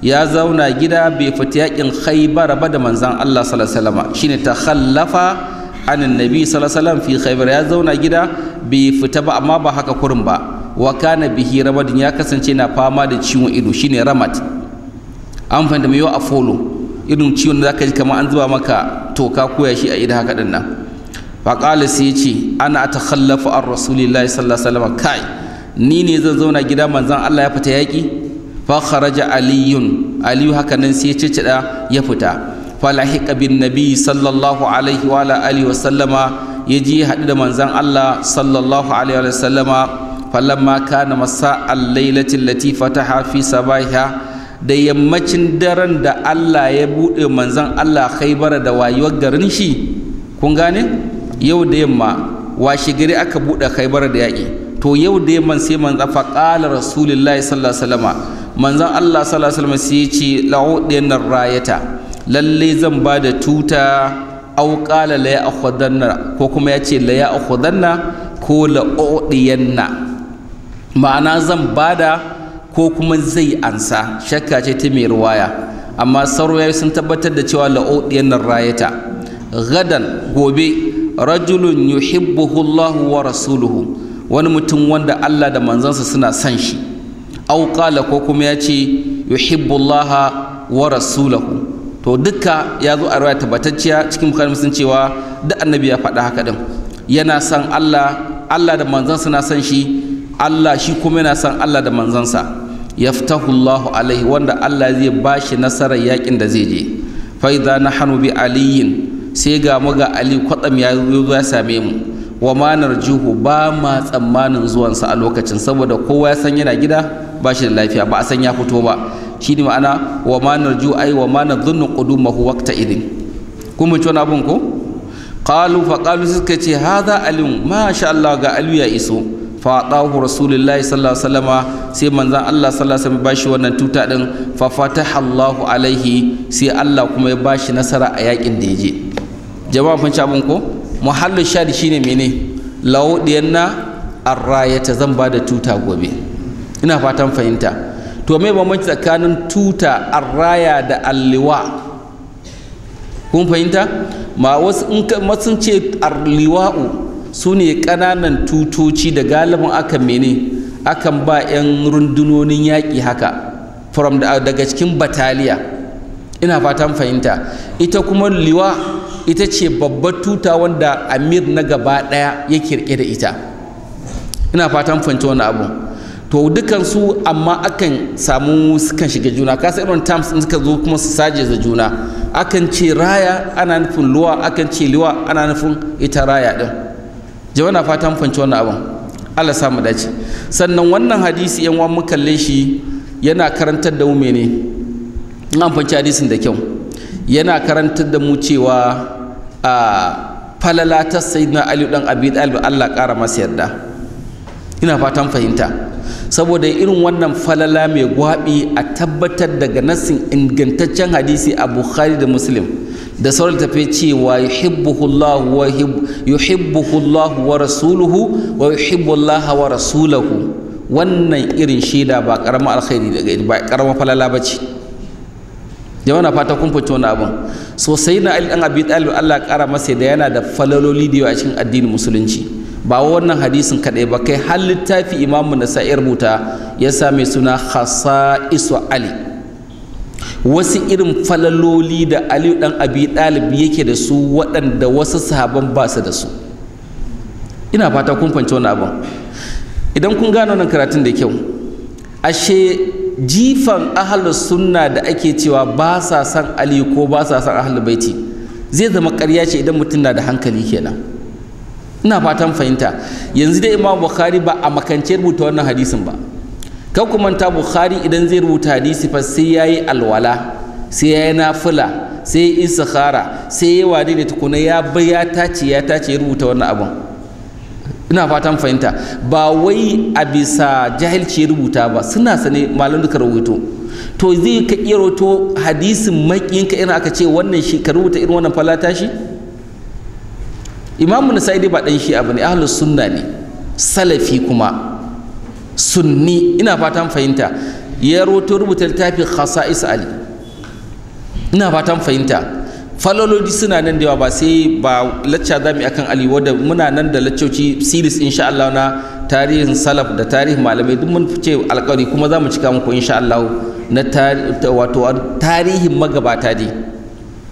ya zauna gida bai fita yakin khaybar ba da manzon Allah sallallahu alaihi wasallam shine khallafa anin nabi sallallahu alaihi wasallam fi khaybar ya zauna gida bai fita ba amma ba haka kurin ba wa kana bihi ramadin ya kasance na fama da ciwon ido shine ramat an fahimta mai yawa a folo irin ciwon da zaka ji kamar an zuba maka toka koya shi a ido haka din nan qala sai ya ce ana ta khallafa an rasulillahi sallallahu alaihi wasallam kai ni ne zan zauna gida manzan Allah ya fita yaki fa aliyun aliyu haka nan sai ya ya fita falahiqa bin nabi sallallahu alaihi wa alihi wa sallama haɗu da manzon Allah sallallahu alaihi wa sallama falamma kana masa al-lailati allati fataha fi da yammacin daren da Allah ya buɗe manzon Allah da wayuwar garin shi kun gane yau da yamma washe gari aka buɗe Khaibara da yaƙi to yau da yamman sai manzo rasulullahi sallallahu alaihi manzon Allah sallallahu alaihi wasallam sai ce rayata lalle zan ba da tuta au qala la ya'khudanna ko kuma yace la ya'khudanna ko udiyanna ma'ana zan bada ko kuma zai ansa shakka ce ta mai ruwaya amma saurayi sun tabbatar da cewa la'udiyanna rayata gadan gobe rajulun yuhibbuhu wa rasuluhu wani mutum wanda Allah da manzansa suna son shi aw qala ko kuma ya ce yuhibbullaha wa rasulahu to dukka ya zo a riwaya tabbatacciya cikin bukari sun cewa duk annabi ya faɗa haka din yana san Allah Allah da manzansa na son shi Allah shi kuma yana san Allah da manzansa yaftahullahu alaihi wanda Allah zai bashi nasarar yakin da zai je fa idza nahnu bi aliyin sai ga mu ga Ali kwatsam ya zo ya same mu wa ma ba ma tsammanin zuwansa a lokacin saboda kowa ya san yana gida ba shi da lafiya ba a san ya fito ba shi ne ma'ana wa ma narju ai wa ma nadhunnu qudumahu waqta idin kun mun tona abun ko qalu fa qalu suka ce hadha alim ma sha Allah ga alu ya iso fa atahu rasulullahi sallallahu alaihi wasallama sai manzon Allah sallallahu alaihi wasallam bashi wannan tuta din fa fataha alaihi sai Allah kuma ya ba shi nasara a yakin da yaje jama'a kun ci abun ko muhallu shadi shine mene lawo diyanna arrayata zan ba da tuta gobe ina fatan fahimta to me bambanci tsakanin tuta arraya da alliwa kun fahimta ma wasu sun ce arliwa'u su ne ƙananan tutoci da galibin akan mene akan ba 'yan rundunonin yaƙi haka from daga cikin bataliya ina fatan fahimta ita kuma liwa ita ce babbar tuta wanda amir na gaba ɗaya ya kirƙi da ita ina fatan fahimta wani abu to dukansu amma akan samu sukan shiga juna kasa irin terms in suka zo kuma su saje da juna akan ce raya ana nufin luwa akan ce luwa ana nufin ita raya din jama'a na fatan fanci wannan abin Allah samu dace sannan wannan hadisi yan uwan mu shi yana karantar da mu mene in an fanci hadisin da kyau yana karantar da mu cewa a ah, falala ta sayyidina Ali dan Abi Talib Allah kara masa yarda ina fatan fahimta saboda irin wannan falala mai gwabi a tabbatar daga nassin ingantaccen hadisi a bukhari da muslim da sauran tafi cewa yuhibbuhullahu wa wa rasuluhu wa yuhibbullaha wa rasulahu wannan irin shaida ba karama alkhairi daga ba karama falala bace jama'a na fata kun fice wani abin so sai na ali dan abi talib Allah ya kara masa da yana da falaloli da yawa a cikin addinin musulunci ba wannan hadisin kadai ba kai har littafi imamu na sa'ir rubuta ya sa mai suna iso ali wasu irin falaloli da aliyu dan abi dalibi yake da su waɗanda wasu sahaban ba su da su ina fata kun fahimci wani abin idan kun gano nan karatun da kyau ashe jifan ahalus sunna da ake cewa ba sa san ali ko ba sa san ahalul baiti zai zama ƙarya ce idan mutum na da hankali kenan ina fatan fahimta yanzu dai imam bukhari ba a makance rubuta wannan hadisin ba kan kuma ta bukhari idan zai rubuta hadisi fa sai yayi alwala sai yayi nafila sai yayi istikhara sai yayi wadi da tukuna ya bai ya tace ya tace rubuta wannan abun ina fatan fahimta ba wai a bisa jahilci rubuta ba suna sane malam duka rubuto to zai ka iya rubuto hadisin makiyinka irin aka ce wannan shi ka rubuta irin wannan falata shi imamu nasai dai ba dan shi'a bane ahlus sunna ne salafi kuma sunni ina fatan fahimta ya roto rubuta littafin khasa'is ali ina fatan fahimta faloloji suna nan da yawa ba sai ba lacca za akan ali wadda muna nan da laccoci series insha Allah na tarihin salaf da tarihin malamai duk mun fice alƙawari kuma za mu cika muku insha Allah na tarihin magabata dai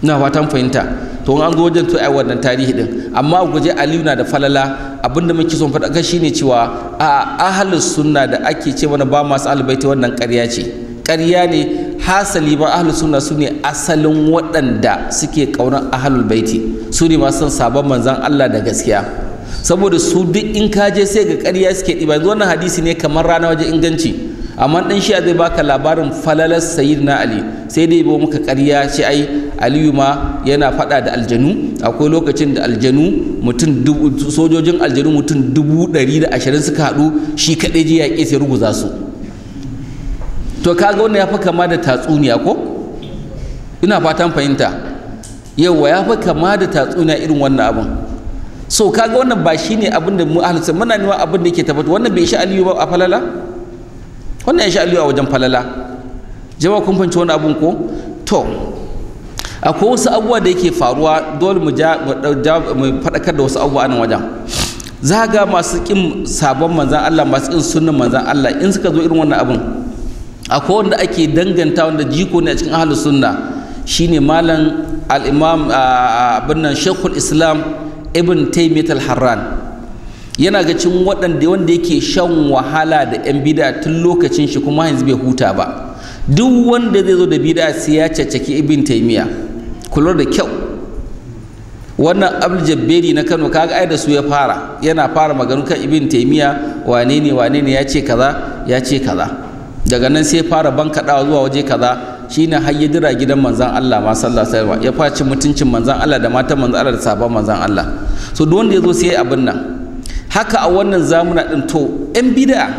ina fatan fahimta to an zo wajen to ai wannan tarihi din amma guje aliyu na da falala abinda muke son faɗa shine cewa a ahlus sunna da ake ce mana ba masu albaiti wannan ƙarya ce ƙarya ne hasali ba ahlus sunna sune asalin waɗanda suke ƙaunar ahlul baiti su ne masu sabon manzon Allah da gaskiya saboda su duk in ka je sai ga ƙarya suke ɗiba yanzu wannan hadisi ne kamar rana wajen inganci amma dan shi zai baka labarin falalar sayyidina ali sai dai bo muka ƙarya shi ai aliyu ma yana faɗa da aljanu akwai lokacin da aljanu mutum sojojin aljanu mutum dubu ɗari da ashirin suka haɗu shi kaɗai je yaƙe sai ruguza su to kaga wannan ya fi kama da tatsuniya ko ina fatan fahimta yawwa ya fi kama da tatsuniya irin wannan abin so kaga wannan ba shine abin da mu ahlus muna neman abin da yake tabbata wannan bai shi aliyu ba a falala wannan ya sha a wajen falala jama'a kun fahimci wani abun ko to akwai wasu abubuwa da yake faruwa dole mu faɗakar da wasu abubuwa nan wajen za ga masu ƙin sabon manzan Allah masu ƙin sunan manzan Allah in suka zo irin wannan abun akwai wanda ake danganta wanda jiko ne a cikin ahalin sunna shine malam al-imam ah, ah, abin nan shekul islam ibn taymiyyah al-harran yana ga cin waɗanda wanda yake shan wahala da 'yan bida tun lokacin shi kuma yanzu bai huta ba duk wanda zai zo da bida sai ya caccaki ibn taimiya kula da kyau wannan abul na kano kaga ai da su ya fara yana fara maganu kan ibn taimiya wane ne wane ne ya ce kaza ya ce kaza daga nan sai fara bankaɗawa zuwa waje kaza shine har ya dira gidan manzan Allah ma sallallahu alaihi wasallam ya faci mutuncin manzan Allah da matan manzan Allah da sabon manzan Allah so duk wanda ya zo sai abin nan haka a wannan zamuna ɗin to 'yan bida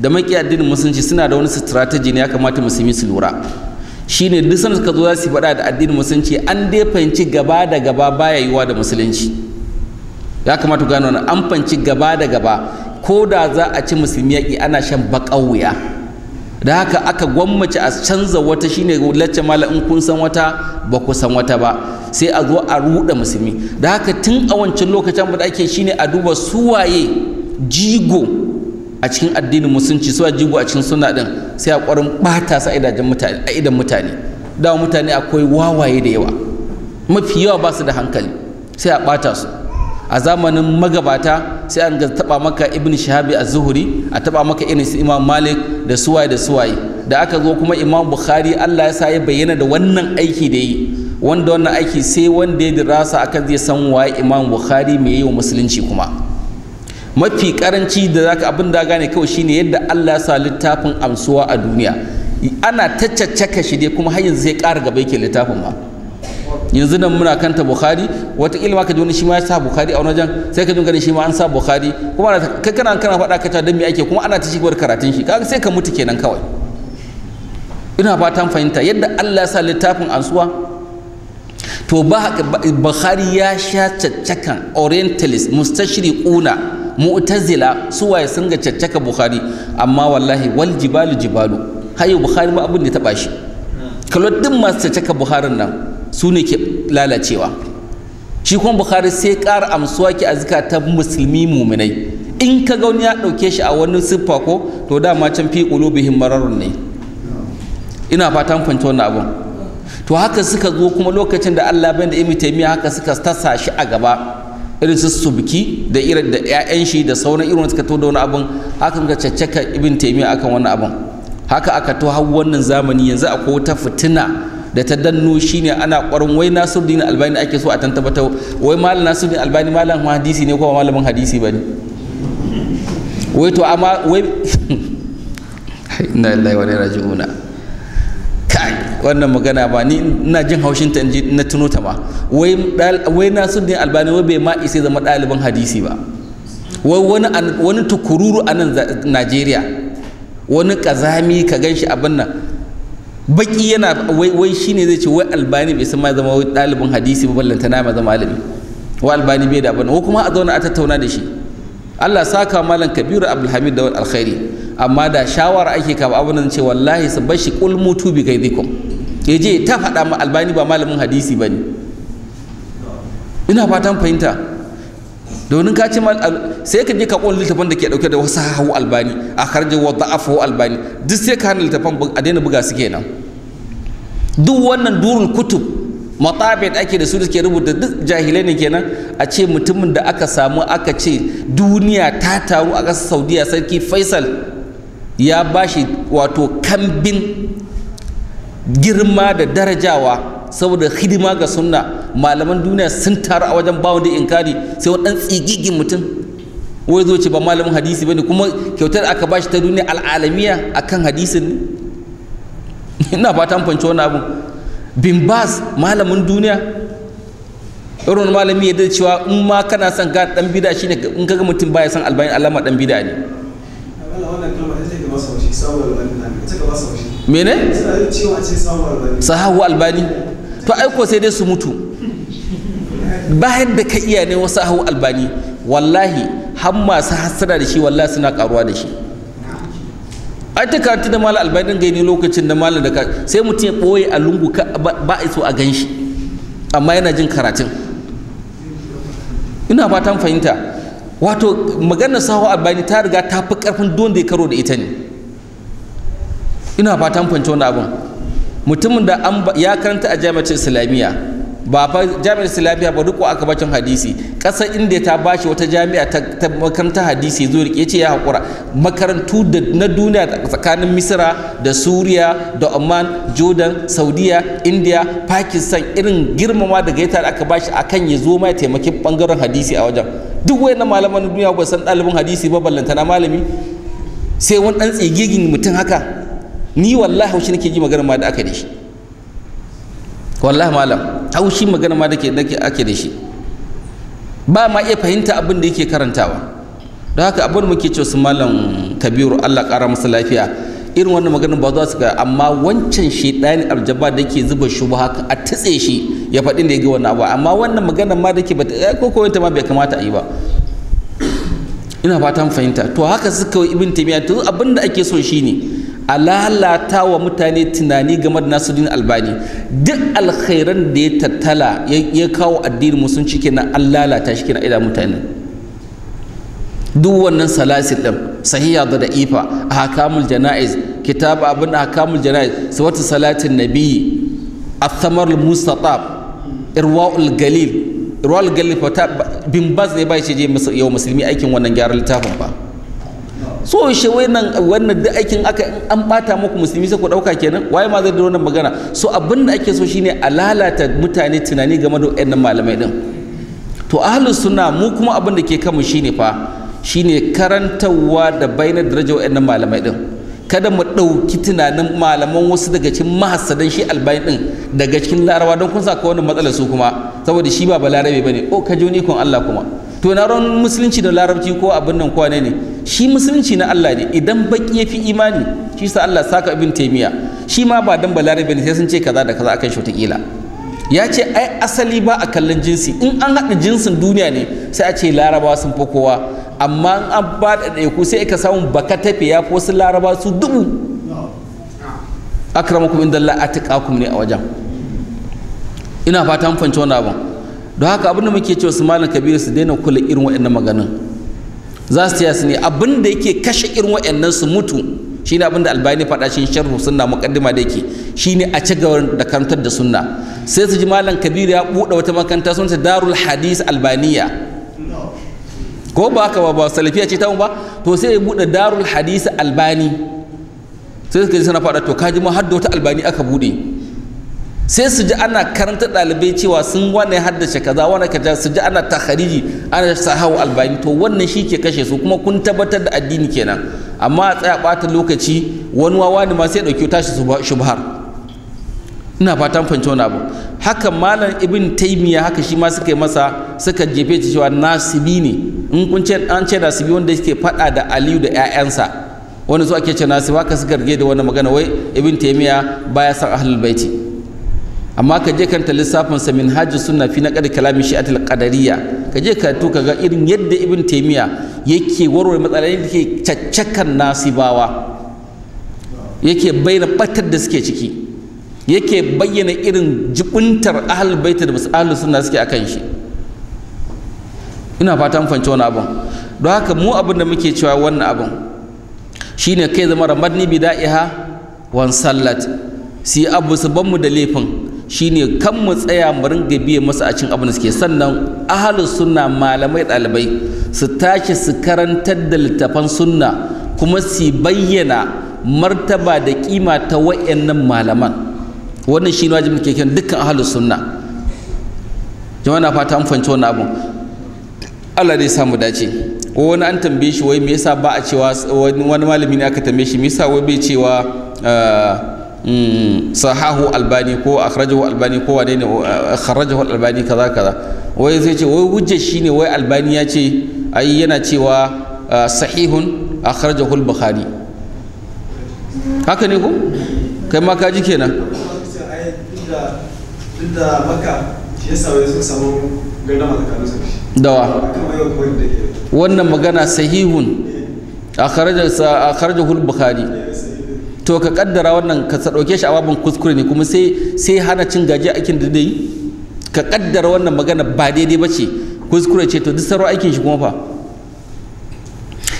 da maki addinin musulunci suna da wani strategy ne ya kamata musulmi su lura shine duk sanda suka zo za su faɗa da addinin musulunci an dai fahimci gaba da gaba baya yiwuwa da musulunci ya kamata gano an fahimci gaba da gaba ko da za a ci musulmi yaƙi ana shan baƙar wuya da haka aka gwammace a canza wata shine lacce mala in kun san wata ba ku san wata ba sai a zo a ruɗa musulmi da haka tun a wancan lokacin da ake shine a duba suwaye jigo a cikin addinin musulunci suwa jigo a cikin suna din sai a ƙwarin ɓata su a idan mutane dawa mutane akwai wawaye da yawa mafi yawa ba su da hankali sai a ɓata su a zamanin magabata sai an taba maka ibn shahabi a zuhuri a taba maka irin su imam malik da suwaye da suwaye da aka zo kuma imam bukhari allah ya sa ya bayyana da wannan aiki da yi wanda wannan aiki sai wanda ya dirasa akan zai san waye imam bukhari mai yi wa musulunci kuma mafi karanci da zaka abin da gane kawai shine yadda allah ya sa littafin amsuwa a duniya ana ta shi dai kuma har yanzu sai ƙara gaba yake littafin ma yanzu nan muna kanta bukhari wata ma ka ji wani shi ma ya sa bukhari a wajen sai ka ji shi ma an sa bukhari kuma ana kai kana kana faɗa ka ta dan me ake kuma ana ta shigar karatun shi kaga sai ka mutu kenan kawai ina fatan fahimta yadda Allah ya sa littafin ansuwa to ba bukhari ya sha caccakan orientalist mustashriquna mu'tazila suwaye sun ga caccaka bukhari amma wallahi wal jibalu jibalu hayo bukhari ma abin da ya bashi shi kallo masu caccaka buharin nan su ne ke lalacewa shi kuma bukhari sai ƙara amsuwa ke azika ta musulmi muminai in ka ga wani ya ɗauke shi a wani siffa ko to dama can fi qulubihim mararun ne ina fatan fahimci wannan abun to haka suka zo kuma lokacin da Allah bai da imi miya haka suka tasa shi a gaba irin su subki da irin da ƴaƴan shi da sauran irin suka to da wani abun haka ga caccaka ibn taimiya akan wannan abun haka aka to har wannan zamani yanzu akwai wata fitina da ta dannu shine ana kwarin wai nasiruddin albani ake so a tantabata wai malam nasiruddin albani malam hadisi ne ko malamin hadisi ba ne wai to amma wai inna lillahi wa inna ilaihi raji'un kai wannan magana ba ni ina jin haushin ta inji na tuno ta ma wai wai nasiruddin albani wai bai ma isa zama dalibin hadisi ba wai wani wani tukururu a nan Najeriya wani kazami ka ganshi abin nan baki yana wai wai shine zai ce wai albani bai san ma zama wai ɗalibin hadisi ba ballanta na ma zama malami wa albani bai da bane ko kuma a zauna a tattauna da shi Allah saka malam Kabiru Abdulhamid da wal alkhairi amma da shawara ake ka abun ce wallahi su bashi kul mutu bi gaidikum yaje ta faɗa ma albani ba malamin hadisi bane ina fatan fahimta domin ka ce sai ka je ka ƙone littafin da ke ɗauke da wasu hau albani a karje wa da'afahu albani duk sai ka hana littafin a daina buga su kenan duk wannan durul kutub da ake da su da ke rubuta duk jahilai ne kenan a ce mutumin da aka samu aka ce duniya ta taru a ƙasar saudiya sarki faisal ya ba shi wato kambin girma da darajawa saboda hidima ga sunna malaman duniya sun taru a wajen bawon da inkari sai wani ɗan tsigigin mutum wai zo ce ba malamin hadisi ne kuma kyautar aka ba shi ta duniya al'alamiya akan hadisin ne ina fatan fahimci wani abu bin bas malamin duniya irin malami ya dace cewa in ma kana son ga dan bida shine in kaga mutum baya son albayin alama dan bida ne mene sahawu albani to aiko sai dai su mutu bayan da ka iya ne wasu sahawu albani wallahi har masu hasara da shi wallahi suna karuwa da shi ai ta karatu da malam albani gai ne lokacin da malam da sai mutum ya boye a lungu ba a so a gan shi amma yana jin karatun ina fatan fahimta wato maganar sahu albaidin ta riga ta fi karfin don da ya karo da ita ne ina fatan fahimta wani abin mutumin da ya karanta a jami'ar islamiyya ba fa jami'ar silafiya ba duk aka bacin hadisi ƙasa inda ta bashi wata jami'a ta makarantar hadisi zo rike ce ya haƙura makarantu na duniya tsakanin misira da suriya da oman jordan saudiya india pakistan irin girmama daga ya da aka bashi akan ya zo ma taimaki bangaren hadisi a wajen duk wayannan malaman duniya ba san ɗalibin hadisi ba ballantana malami sai wani ɗan tsigigin mutum haka ni wallahi haushi nake ji magana ma da aka da shi wallahi malam haushi magana ma ake da shi ba ma iya fahimta abin da yake karantawa don haka abin muke cewa su malam kabiru allah ƙara masa lafiya irin wannan magana ba za su ga amma wancan shaidani aljaba da ke zuba shubu haka a tatse shi ya faɗi da ya ga wannan abu amma wannan magana ma da ke ba eh, ko koyanta ma bai kamata a yi ba ina fatan fahimta to haka suka yi ibn taymiya to abin da ake so shine a lalata wa mutane tunani game da din albani duk alkhairan da ya tattala ya kawo addinin musulunci kenan an lalata shi kenan idan mutane duk wannan salasil din sahiha da da'ifa ahkamul janaiz kitab abin ahkamul janaiz sifatu salatin nabiyyi athmarul mustatab irwaul galil irwaul galil fata bin baz ne ba shi je yau musulmi aikin wannan gyaran littafin ba so shi wannan wannan duk aikin aka an bata muku musulmi sai ku dauka kenan waye ma zai da wannan magana so abin da ake so shine a lalata mutane tunani game da wayannan malamai din to ahlus sunna mu kuma abin da ke kanmu shine fa shine karantarwa da bainar daraja wayannan malamai din kada mu ɗauki tunanin malaman wasu daga cikin mahasadan shi albayin din daga cikin larawa don kun sa ka wannan matsalar su kuma saboda shi ba balarabe bane o ka ji ni kun Allah kuma to na ran musulunci da larabci ko abin nan ko ne ne shi musulunci na Allah ne idan baki ya fi imani shi sa Allah saka ibn taymiya shi ma ba dan balarabe ne sai sun ce kaza da kaza akan shi wataƙila ya ce ai asali ba a kallon jinsi in an haɗa jinsin duniya ne sai a ce larabawa sun fi kowa amma in an ba da ɗaiku sai ka samu baka tafe ya fi wasu larabawa su dubu akramakum indallah atqakum ne a wajen ina fatan fanci wannan abin don haka abinda muke cewa su malam kabiru su daina kula irin waɗannan maganin za su taya su ne abin da yake kashe irin waɗannan su mutu shine abin da albani faɗa shi sharhu sunna muqaddima da yake shine a ci da kantar da sunna sai su ji malam kabiru ya buɗe wata makaranta sunta darul hadis albaniya ko ba haka ba ba salafiya ce ta mu ba to sai ya buɗe darul hadis albani sai suka ji suna faɗa to kaji ma har da wata albani aka buɗe sai su ji ana karanta ɗalibai cewa sun wane haddace kaza wane kaza su ji ana tahariji ana sahau albani to wannan shi ke kashe su kuma kun tabbatar da addini kenan amma a tsaya ɓata lokaci wani wawa ne ma sai ɗauki tashi shubhar ina fatan fahimci wani abu haka malam ibn taimiya haka shi ma suka yi masa suka jefe shi cewa nasibi ne in kun ce an ce nasibi wanda yake faɗa da aliyu da 'ya'yansa wani su ake ce nasibi haka suka rage da wani magana wai ibn taimiya baya san ahlul baiti amma ka je kanta lissafin sa min hajji suna fi na kada kalamin shi'atul qadariyya ka je ka tuka ga irin yadda ibn taimiya yake warware matsalolin da ke caccakan nasibawa yake bayyana batar da suke ciki yake bayyana irin jibuntar ahal baita da ahal suna suke akan shi ina fatan fance wani abin don haka mu abin da muke cewa wannan abin shine kai zama ramadni bida'iha wan sallat si abu su banmu da laifin shine kan mu tsaya mu ringa biye masa a cikin abin da suke sannan ahlus sunna malamai ɗalibai su tashi su karantar da littafan sunna kuma su bayyana martaba da kima ta wayannan malaman wannan shine wajibin ke keken dukkan ahlus sunna jama'a na fata an fahimci wannan abin Allah dai samu dace ko wani an tambaye shi wai me yasa ba a cewa wani malami ne aka tambaye shi me yasa wai bai cewa eh, Mm. sahahu albani ko akhrajahu albani ko wane ne uh, akhrajahu albani kaza kaza wai zai ce wai hujja shine wai albani ya ce ai yana cewa uh, sahihun akhrajahu al-bukhari haka ne ko kai ma kaji kenan Da dawa wannan magana sahihun akhrajahu al-bukhari eh, to ka kaddara wannan ka ɗauke shi a babin kuskure ne kuma sai sai hana cin gaji aikin da dai ka kaddara wannan magana ba daidai ba ce kuskure ce to duk sauran aikin shi kuma fa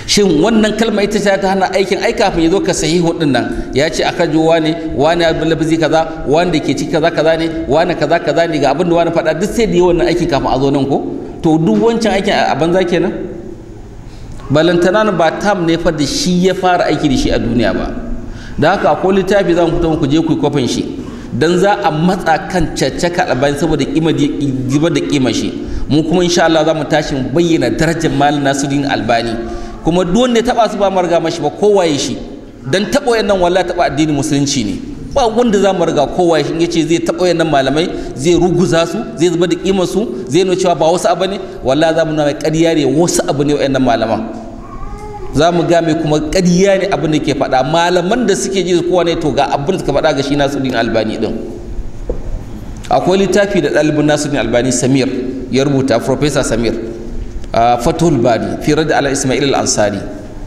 shin wannan kalma ita ce ta hana aikin ai kafin ya zo ka sahihu din nan ya ce aka ji wani wani abin lafizi kaza wani da ke ciki kaza kaza ne wani kaza kaza ne ga abin da wani faɗa duk sai da yi wannan aikin kafin a zo nan ko to duk wancan aikin a banza kenan balantana ba tam ne fa da shi ya fara aiki da shi a duniya ba da haka akwai littafi za mu fito ku je ku kofin shi dan za a matsa kan caccaka albani saboda kima da kima shi mu kuma insha Allah za mu tashi mu bayyana darajar malin nasirin albani kuma duk wanda ya taba su ba marga mashi ba kowaye shi dan taba nan wallahi taba addinin musulunci ne ba wanda za mu riga kowaye shi yace zai taba wayannan malamai zai ruguza su zai zuba da kima su zai nuna cewa ba wasu abu ne wallahi za mu na mai ƙarya ne wasu abu ne wayannan malaman za mu ga mai kuma ƙarya ne abin da ke faɗa malaman da suke ji kowa ne to ga abin da suka faɗa ga shi nasiruddin albani din akwai littafi da ɗalibin nasiruddin albani samir ya rubuta professor samir fatul bari firar da ala ismail al-ansari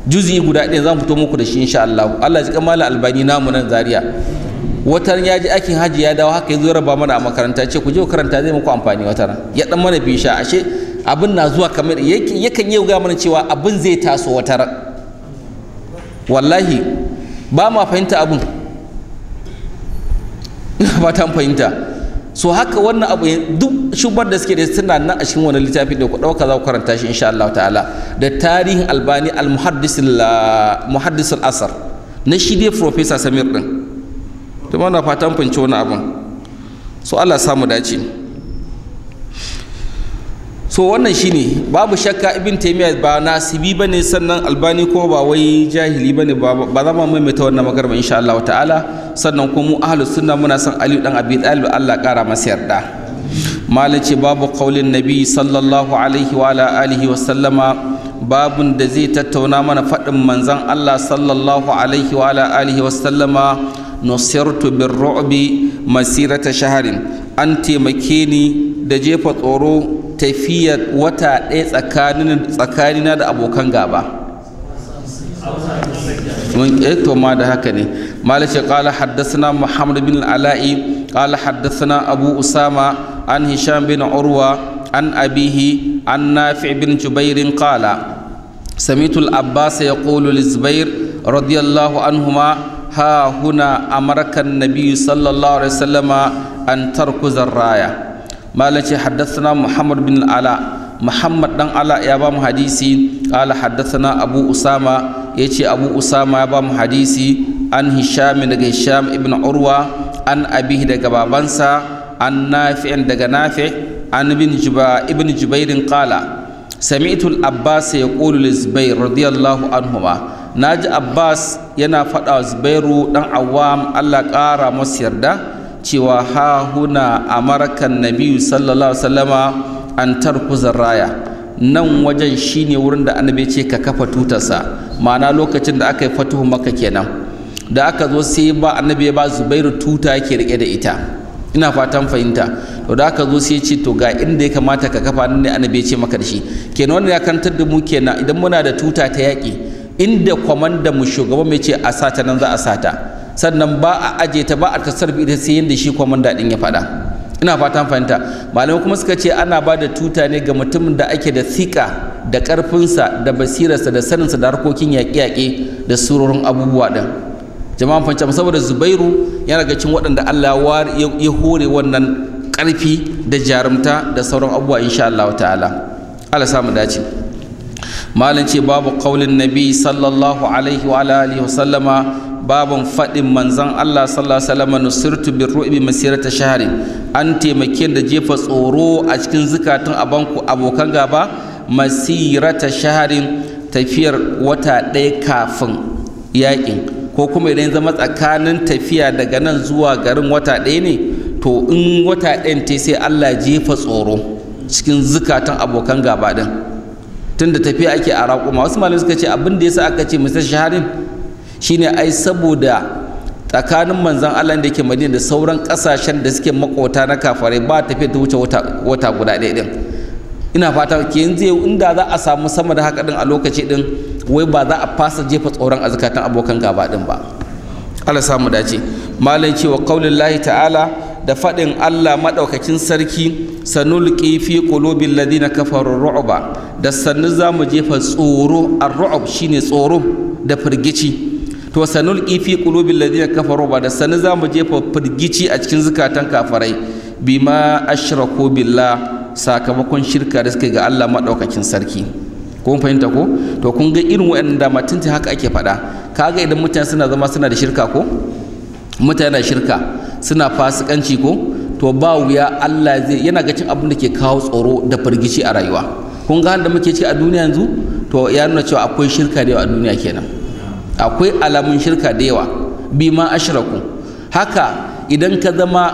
juzi guda ɗaya za mu fito muku da shi insha Allah Allah ya ji kamala albani namu nan zaria watan ya ji aikin hajji ya dawo haka ya zo raba mana a makaranta ce ku je karanta zai muku amfani wata ya dan mana bisha ashe abin na zuwa kamar yakan yi ga mana cewa abin zai taso wata wallahi ba ma fahimta abin ba ta fahimta so haka wannan abu duk shubar da suke da suna nan a cikin wani littafi da ku ɗauka za ku karanta shi insha Allah ta'ala da tarihin albani al-muhaddis al-asar na shi dai professor samir din to mana fatan fahimci wani abin so Allah samu dace so wannan shine babu shakka ibn taymiya ba nasibi bane sannan albani kuma ba wai jahili bane ba za mu maimaita wannan magarba insha Allah ta'ala sannan kuma mu ahlus sunna muna son ali dan abi talib Allah kara masa yarda malace babu qaulin nabi sallallahu alaihi wa ala alihi wa sallama babun da zai tattauna mana fadin manzon Allah sallallahu alaihi wa ala alihi wa sallama nusirtu birru'bi masirata shaharin an taimake ni da jefa tsoro tafiya wata ɗaya tsakanina da abokan gaba mun ƙeto eh ma da haka ne malice ƙala haddasana muhammad bin ala'i ƙala haddasana abu usama an hisham bin urwa an abihi an nafi bin jubairin ƙala سمعت العباس يقول للزبير رضي الله عنهما ها هنا أمرك النبي صلى الله عليه وسلم أن تركز الراية malam ce haddathana muhammad bin ala muhammad dan ala ya ba mu hadisi qala haddathana abu usama yace abu usama ya ba mu hadisi an hisham daga hisham ibn urwa an abihi daga babansa an nafi'in daga nafi' an bin juba ibn jubairin qala sami'tu al-abbas yaqulu li zubair radiyallahu anhuma ji abbas yana faɗawa zubairu ɗan awam allah ƙara masu yarda cewa ha huna amarkan nabiyu sallallahu sallama an tarku zarraya nan wajen shine wurin da annabi ce ka kafa tutarsa ma'ana lokacin da aka yi fatuhu maka kenan da aka zo sai ba annabi ba zubairu tuta yake rike da ita ina fatan fahimta to da aka zo sai ce to ga inda ya kamata ka kafa nan ne annabi ce maka da shi kenan wannan ya kantar da mu kenan idan muna da tuta ta yaƙi inda kwamandan mu shugaban mai ce a sata nan za a sata sannan ba a aje ta ba a tasarbi ita sai yadda shi kwamanda din ya faɗa ina fatan fahimta malamai kuma suka ce ana ba da tuta ne ga mutumin da ake da thika da ƙarfinsa da basirarsa da saninsa da harkokin yaƙe-yaƙe da surorin abubuwa ɗin jama'an fahimta saboda zubairu yana ga cin waɗanda allah ya hore wannan ƙarfi da jarumta da sauran abubuwa insha allah ta'ala allah samu dace malam ce babu qaulin nabi sallallahu alaihi wa alihi wa sallama babun faɗin manzan Allah sallallahu alaihi wasallam nusirtu bi ru'bi masirata shahari an taimake da jefa tsoro a cikin zukatun abanku abokan gaba masirata shaharin tafiyar wata ɗaya kafin yaƙin ko kuma idan zama tsakanin tafiya daga nan zuwa garin wata ɗaya ne to in wata ɗayan ta sai Allah jefa tsoro cikin zukatun abokan gaba ɗin tunda tafiya ake a raƙuma wasu malamai suka ce abin da yasa aka ce musa shaharin shine ai saboda tsakanin Manzan Allah da yake Madina da sauran kasashen da suke makota na kafare ba tafiya ta wuce wata guda ɗaya din ina fata ke yanzu inda za a samu sama da haka din a lokaci din wai ba za a fasa jefa tsoron azkatan abokan gaba din ba Allah samu dace malai cewa qaulin lahi ta'ala da fadin Allah madaukakin sarki sanulqi fi qulubil ladina kafaru ru'ba da sannu zamu jefa tsoro ar-ru'b shine tsoro da firgici to sanul fi ladi ladina kafa ba da sani za mu jefa firgici a cikin zukatan kafarai bi bima ashraku billah sakamakon shirka da suka ga Allah madaukakin sarki kun fahimta ko to kun ga irin waɗannan da matunta haka ake faɗa kaga idan mutane suna zama suna da shirka ko mutane na shirka suna fasikanci ko to ba wuya Allah zai yana ga cin abin da ke kawo tsoro da firgici a rayuwa kun ga da muke ci a duniya yanzu to ya nuna cewa akwai shirka da yawa a duniya kenan akwai alamun shirka da yawa bi ma ashraku haka idan ka zama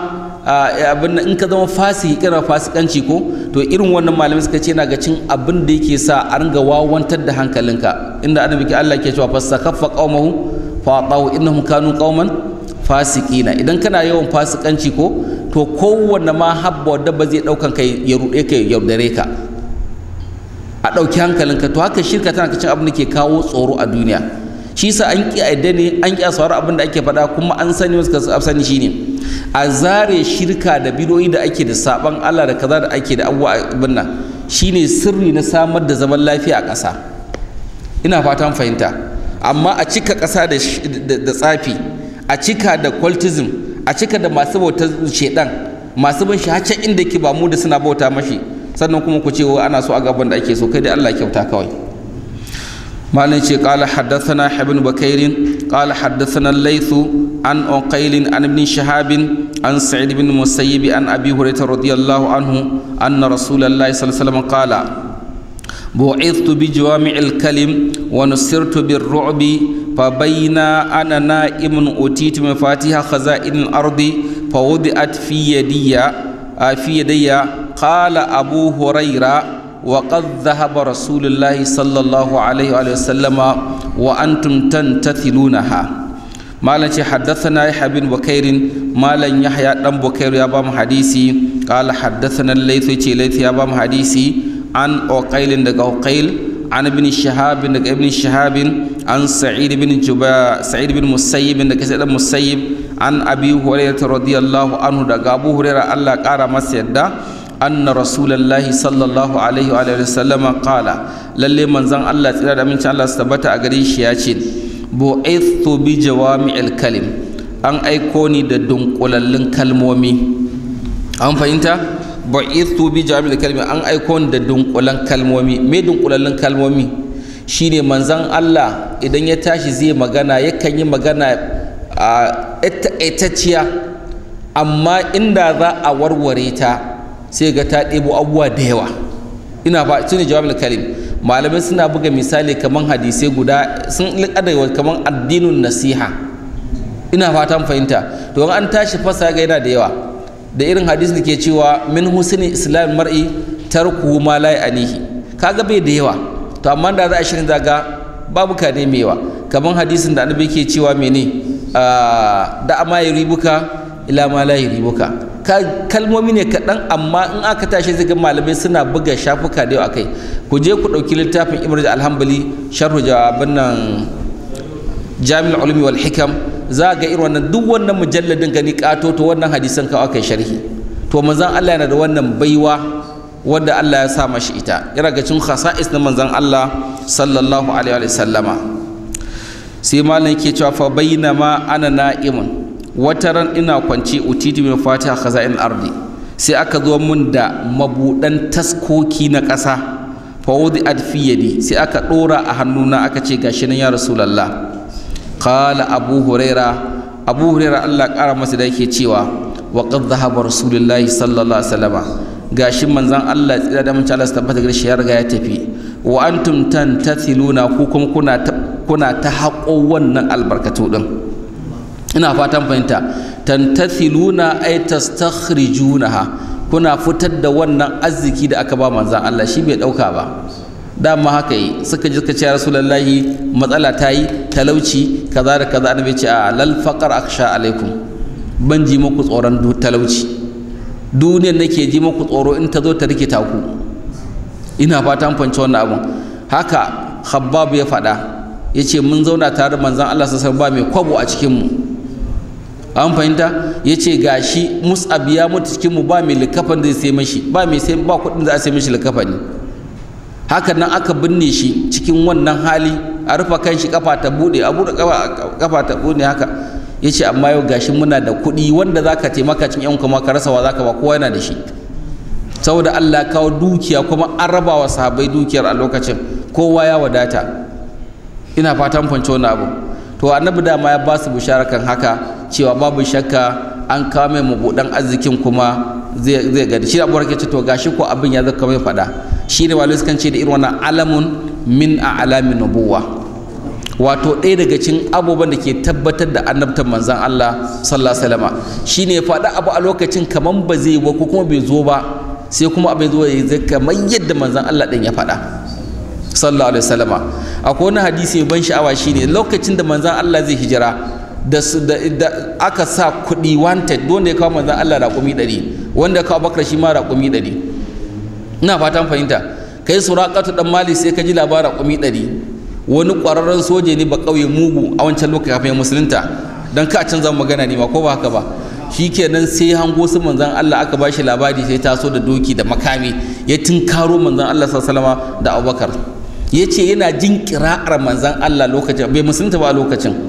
abin in ka zama fasiki kira fasikanci ko to irin wannan malamai suka ce na ga cin abin da yake sa a ringa wawantar da hankalinka inda annabi ke Allah ke cewa fasakaffa qaumahu fa atau innahum kanu qauman fasikina idan kana yawan fasikanci ko to kowanne ma habba da ba zai daukan kai ya rude kai yaudare ka a dauki hankalinka to haka shirka tana cin abin da ke kawo tsoro a duniya shi sa an ki aidda ne an ki asawar abin da ake faɗa kuma an sani wasu kasu sani shine a zare shirka da bidoyi da ake da saban Allah da kaza da ake da abubuwa abin nan shine sirri na samar da zaman lafiya a ƙasa ina fatan fahimta amma a cika ƙasa da tsafi a cika da cultism a cika da masu bauta shedan masu bin shi hacca inda ke ba mu da suna bauta mashi sannan kuma ku ce ana so a gaban da ake so kai da Allah kyauta kawai malin ce qala haddathana ibn bakairin qala haddathana laythu an uqailin an ibn shahabin an sa'id ibn musayyib an abi hurairah radiyallahu anhu anna rasulullahi sallallahu qala bu'ithtu bi jawami'il kalim wa nusirtu bir ru'bi ana أنا نائم أوتيت مفاتيح خزائن الأرض فوضعت fi يدي في يدي قال abu هريرة وقد ذهب رسول الله صلى الله عليه وآله وسلم وأنتم تنتثلونها مالا حدثنا يحيى بن بكير مالا يحيى بن بكير يا بام حديثي قال حدثنا الليث ليث يا بام حديثي عن أقيل دق أقيل عن ابن شهاب دق ابن شهاب عن سعيد بن جبا سعيد بن مسيب دق سعيد بن مسيب عن أبي هريرة رضي الله عنه دق أبو هريرة الله قال مسيدا anna rasulallahi sallallahu alaihi wa sallama qala lalle manzon Allah tsira da amincin Allah su tabbata a gare shi ya ce an aiko ni da dunkulallun kalmomi an fahimta an aiko ni da me shine manzan Allah idan ya tashi zai magana yakan yi magana a taƙaitacciya amma inda za a warware ta sai ga ta ɗebo abubuwa da yawa ina ba shine da kalim malamai suna buga misali kaman hadisai guda sun adawa kaman addinun nasiha ina ta fahimta to an tashi fasa ga yana da yawa da irin hadisi da ke cewa min husni islam mar'i tarku ma la kaga bai da yawa to amma da za a shirin zaga babu ka ne mai yawa kaman hadisin da annabi ke cewa mene ah, da amma ya ribuka ila ma la ribuka. kalmomi ne kaɗan amma in aka tashi zai ga malamai suna buga shafuka da yau akai ku je ku ɗauki littafin ibn alhambali sharhu jawabin nan jami'ul ulumi wal hikam za ga irin wannan duk wannan mujalladin gani kato to wannan hadisan kawo akai sharhi to manzon Allah yana da wannan baiwa wanda Allah ya sa mashi ita yana ga cin khasa'is na manzon Allah sallallahu alaihi wa sallama sai malam ke cewa fa bainama ana na'imun wata ran ina kwance utiti min fatiha khaza'in ardi sai aka zo mun da mabudan taskoki na ƙasa fa adfiyadi sai aka dora a hannuna aka ce gashi nan ya rasulullah qala abu huraira abu huraira Allah ƙara masa da yake cewa wa qad dhahaba sallallahu alaihi wasallam gashi manzon Allah tsira da mace Allah tabbata gare shi ya riga ya tafi wa antum tantathiluna ku kuma kuna ta kuna ta haƙo wannan albarkatu din ina fatan fahimta tantathiluna ay tastakhrijunaha kuna fitar da wannan arziki da aka ba manzan Allah shi bai dauka ba dama haka yi suka ji suka ce rasulullahi matsala ta yi talauci kaza da kaza annabi ce a lal faqar aksha alaikum ban ji muku tsoron talauci duniyar nake ji muku tsoro in ta zo ta rike ku ina fatan fahimci wannan abun haka khabbab ya faɗa ya ce mun zauna tare da manzan Allah sassan ba mai kwabo a cikinmu an fahimta ya ce ga shi mus'ab ya mutu cikin mu ba mai likafan zai sai mashi ba mai sai ba kuɗin za a sai mashi likafani haka nan aka binne shi cikin wannan hali a rufa kan shi kafa ta bude a bude kafa ta bude haka ya ce amma yau gashi muna da kuɗi wanda za ka taimaka cin yan kuma ka rasa wa za ka ba kowa yana da shi saboda Allah kawo dukiya kuma an raba wa sahabbai dukiyar a lokacin kowa ya wadata ina fatan fanci wani abu to annabi dama ya ba su bishara kan haka cewa babu shakka an kawo mai mabuɗan arzikin kuma zai gani shi abubuwar ke ce to gashi ko abin ya zaka mai faɗa shi ne walis kan ce da irin wannan alamun min a alamin nubuwa wato ɗaya daga cikin abubuwan da ke tabbatar da annabtar manzan Allah sallallahu alaihi wasallam shine ya faɗa abu a lokacin kaman ba zai ba ko kuma bai zo ba sai kuma abin zo ya zai kamar yadda manzan Allah ɗin ya faɗa sallallahu alaihi wasallam akwai wani hadisi mai ban sha'awa shine lokacin da manzan Allah zai hijira da aka sa kuɗi wanted wanda ya kawo manzan Allah raƙumi ɗari wanda ya kawo bakar shi ma raƙumi ɗari ina fatan fahimta kai suraƙatu ɗan mali sai ka ji labarin raƙumi ɗari wani ƙwararren soja ne ba ƙauye mugu a wancan lokacin kafin musulunta don ka can zan magana ne ma ko ba haka ba shi kenan sai hango su manzan Allah aka ba shi labari sai taso da doki da makami ya karo manzan Allah sallama da abubakar ya ce yana jin kira'ar manzan Allah lokacin bai musulunta ba a lokacin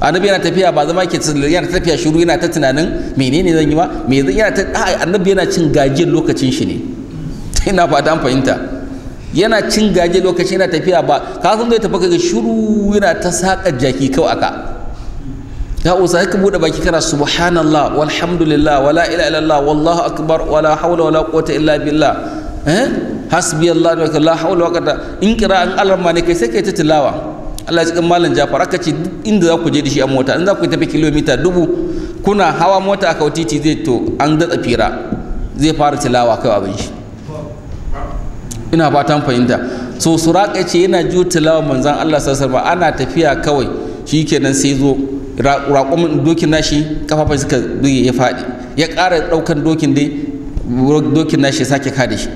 annabi yana tafiya ba zama ke yana tafiya shiru yana ta tunanin menene zan yi ba me zan yana ta annabi yana cin gajiyar lokacin shi ne ina fata an fahimta yana cin gaje lokacin yana tafiya ba ka san zai tafi kaga shiru yana ta saƙa jaki kawai aka ya usa ka bude baki kana subhanallah walhamdulillah wala ila illallah wallahu akbar wala hawla wala quwwata illa billah eh hasbiyallahu wa la hawla wa quwwata in qira'an alarma ne kai sai kai ta tilawa Allah cikin malam Jafar aka ce inda za ku je da shi a mota in za ku tafi kilomita dubu kuna hawa mota a kawo titi zai to an datsa fira zai fara tilawa kai abin shi ina fatan fahimta so suraka ce yana ji tilawa manzan Allah sallallahu alaihi ana tafiya kawai shikenan sai zo raƙumin dokin nashi kafafai suka duye ya faɗi ya ƙara ɗaukan dokin dai dokin nashi ya sake kada shi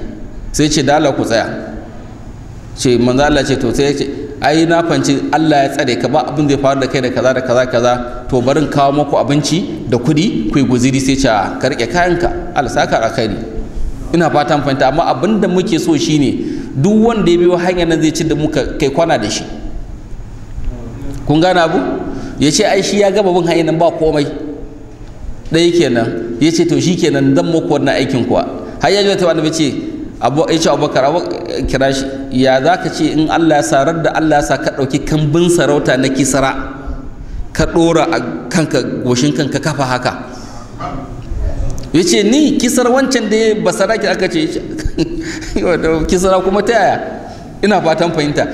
sai ce da Allah ku tsaya ce manzo Allah ce to sai ce ai na fanci Allah ya tsare ka ba abin zai faru da kai da kaza da kaza kaza to barin kawo muku abinci da kuɗi ku guziri sai ca ah, ka rike kayanka Allah saka kai ina fatan fanta amma abin da muke so shine duk wanda ya biyo hanyar nan zai ci da muka kai kwana da shi kun gane abu ya ce ai shi ya gaba bin hanyar nan ba komai ɗaya kenan ya ce to shi kenan zan muku wannan aikin kuwa har ya ji wata ce abu ya ce abubakar kira shi ya za ka ce in allah ya sarar da allah ya sa ka ɗauki kambin sarauta na kisara ka ɗora a kanka goshin kanka kafa haka ya ce ni kisar wancan da ya basara ki aka ce kisara kuma ta yaya ina fatan fahimta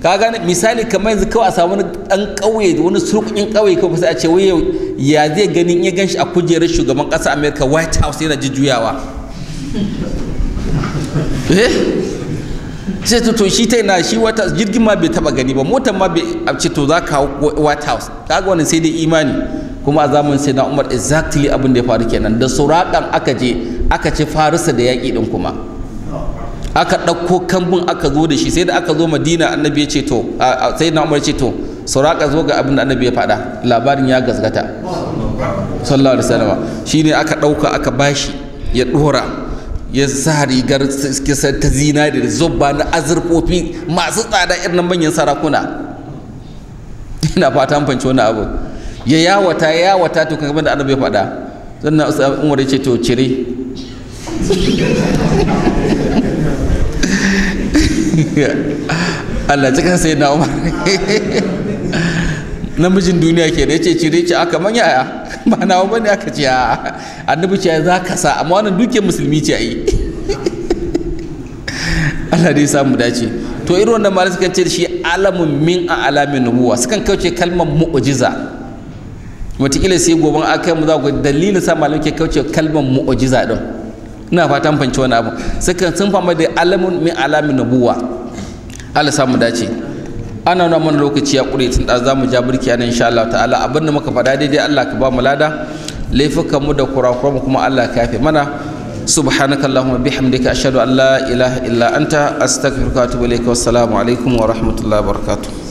ka gane misali kamar yanzu kawai a samu wani ɗan ƙauye wani surkukin ƙauye kawai sai a ce wai ya zai ganin ya gan shi a kujerar shugaban kasa america white house yana jujjuyawa eh sai to to shi ta yana shi wata jirgin ma bai taba gani ba motar ma bai ce to za ka white house ga wannan sai dai imani kuma a zamanin sai na umar exactly abin da ya faru kenan da suraɗan aka je aka ci farisa da yaƙi din kuma aka ɗauko kambun aka zo da shi sai da aka zo madina annabi ya ce to sai na umar ce to suraka zo ga abin da annabi ya faɗa labarin ya gazgata sallallahu alaihi wasallam shine aka ɗauka aka bashi ya ɗora ya sa rigar kisa ta zinari da zubba na azurfofi masu tsada irin manyan sarakuna ina fata an fanci wani abu ya yawata ya yawata to kaga gaban da annabi ya faɗa sannan umar ya ce to cire Allah cikin sai na umar namijin duniya ke da ya ce cire ce aka manya ya ba na wa bane aka ce a annabi ce za ka sa amma wannan duke musulmi ce ai Allah dai sa mu dace to irin wannan malai suka ce shi alamun min a alamin nubuwa sukan kauce kalmar mu'ujiza wataƙila sai gobe a kai mu za ku dalilin sa malam ke kauce kalmar mu'ujiza din ina fatan fanci wani abu sukan sun fama da alamun min alamin nubuwa Allah sa mu dace ana nuna mana lokaci ya ƙure tun da zamu mu ja birki a nan insha Allah ta'ala muka faɗa daidai Allah ka ba mu lada laifukan mu da kurakuran mu kuma Allah ka yafe mana subhanaka allahumma bihamdika ashhadu an la ilaha illa anta astaghfiruka wa atubu ilaik wa alaikum wa rahmatullahi wa barakatuh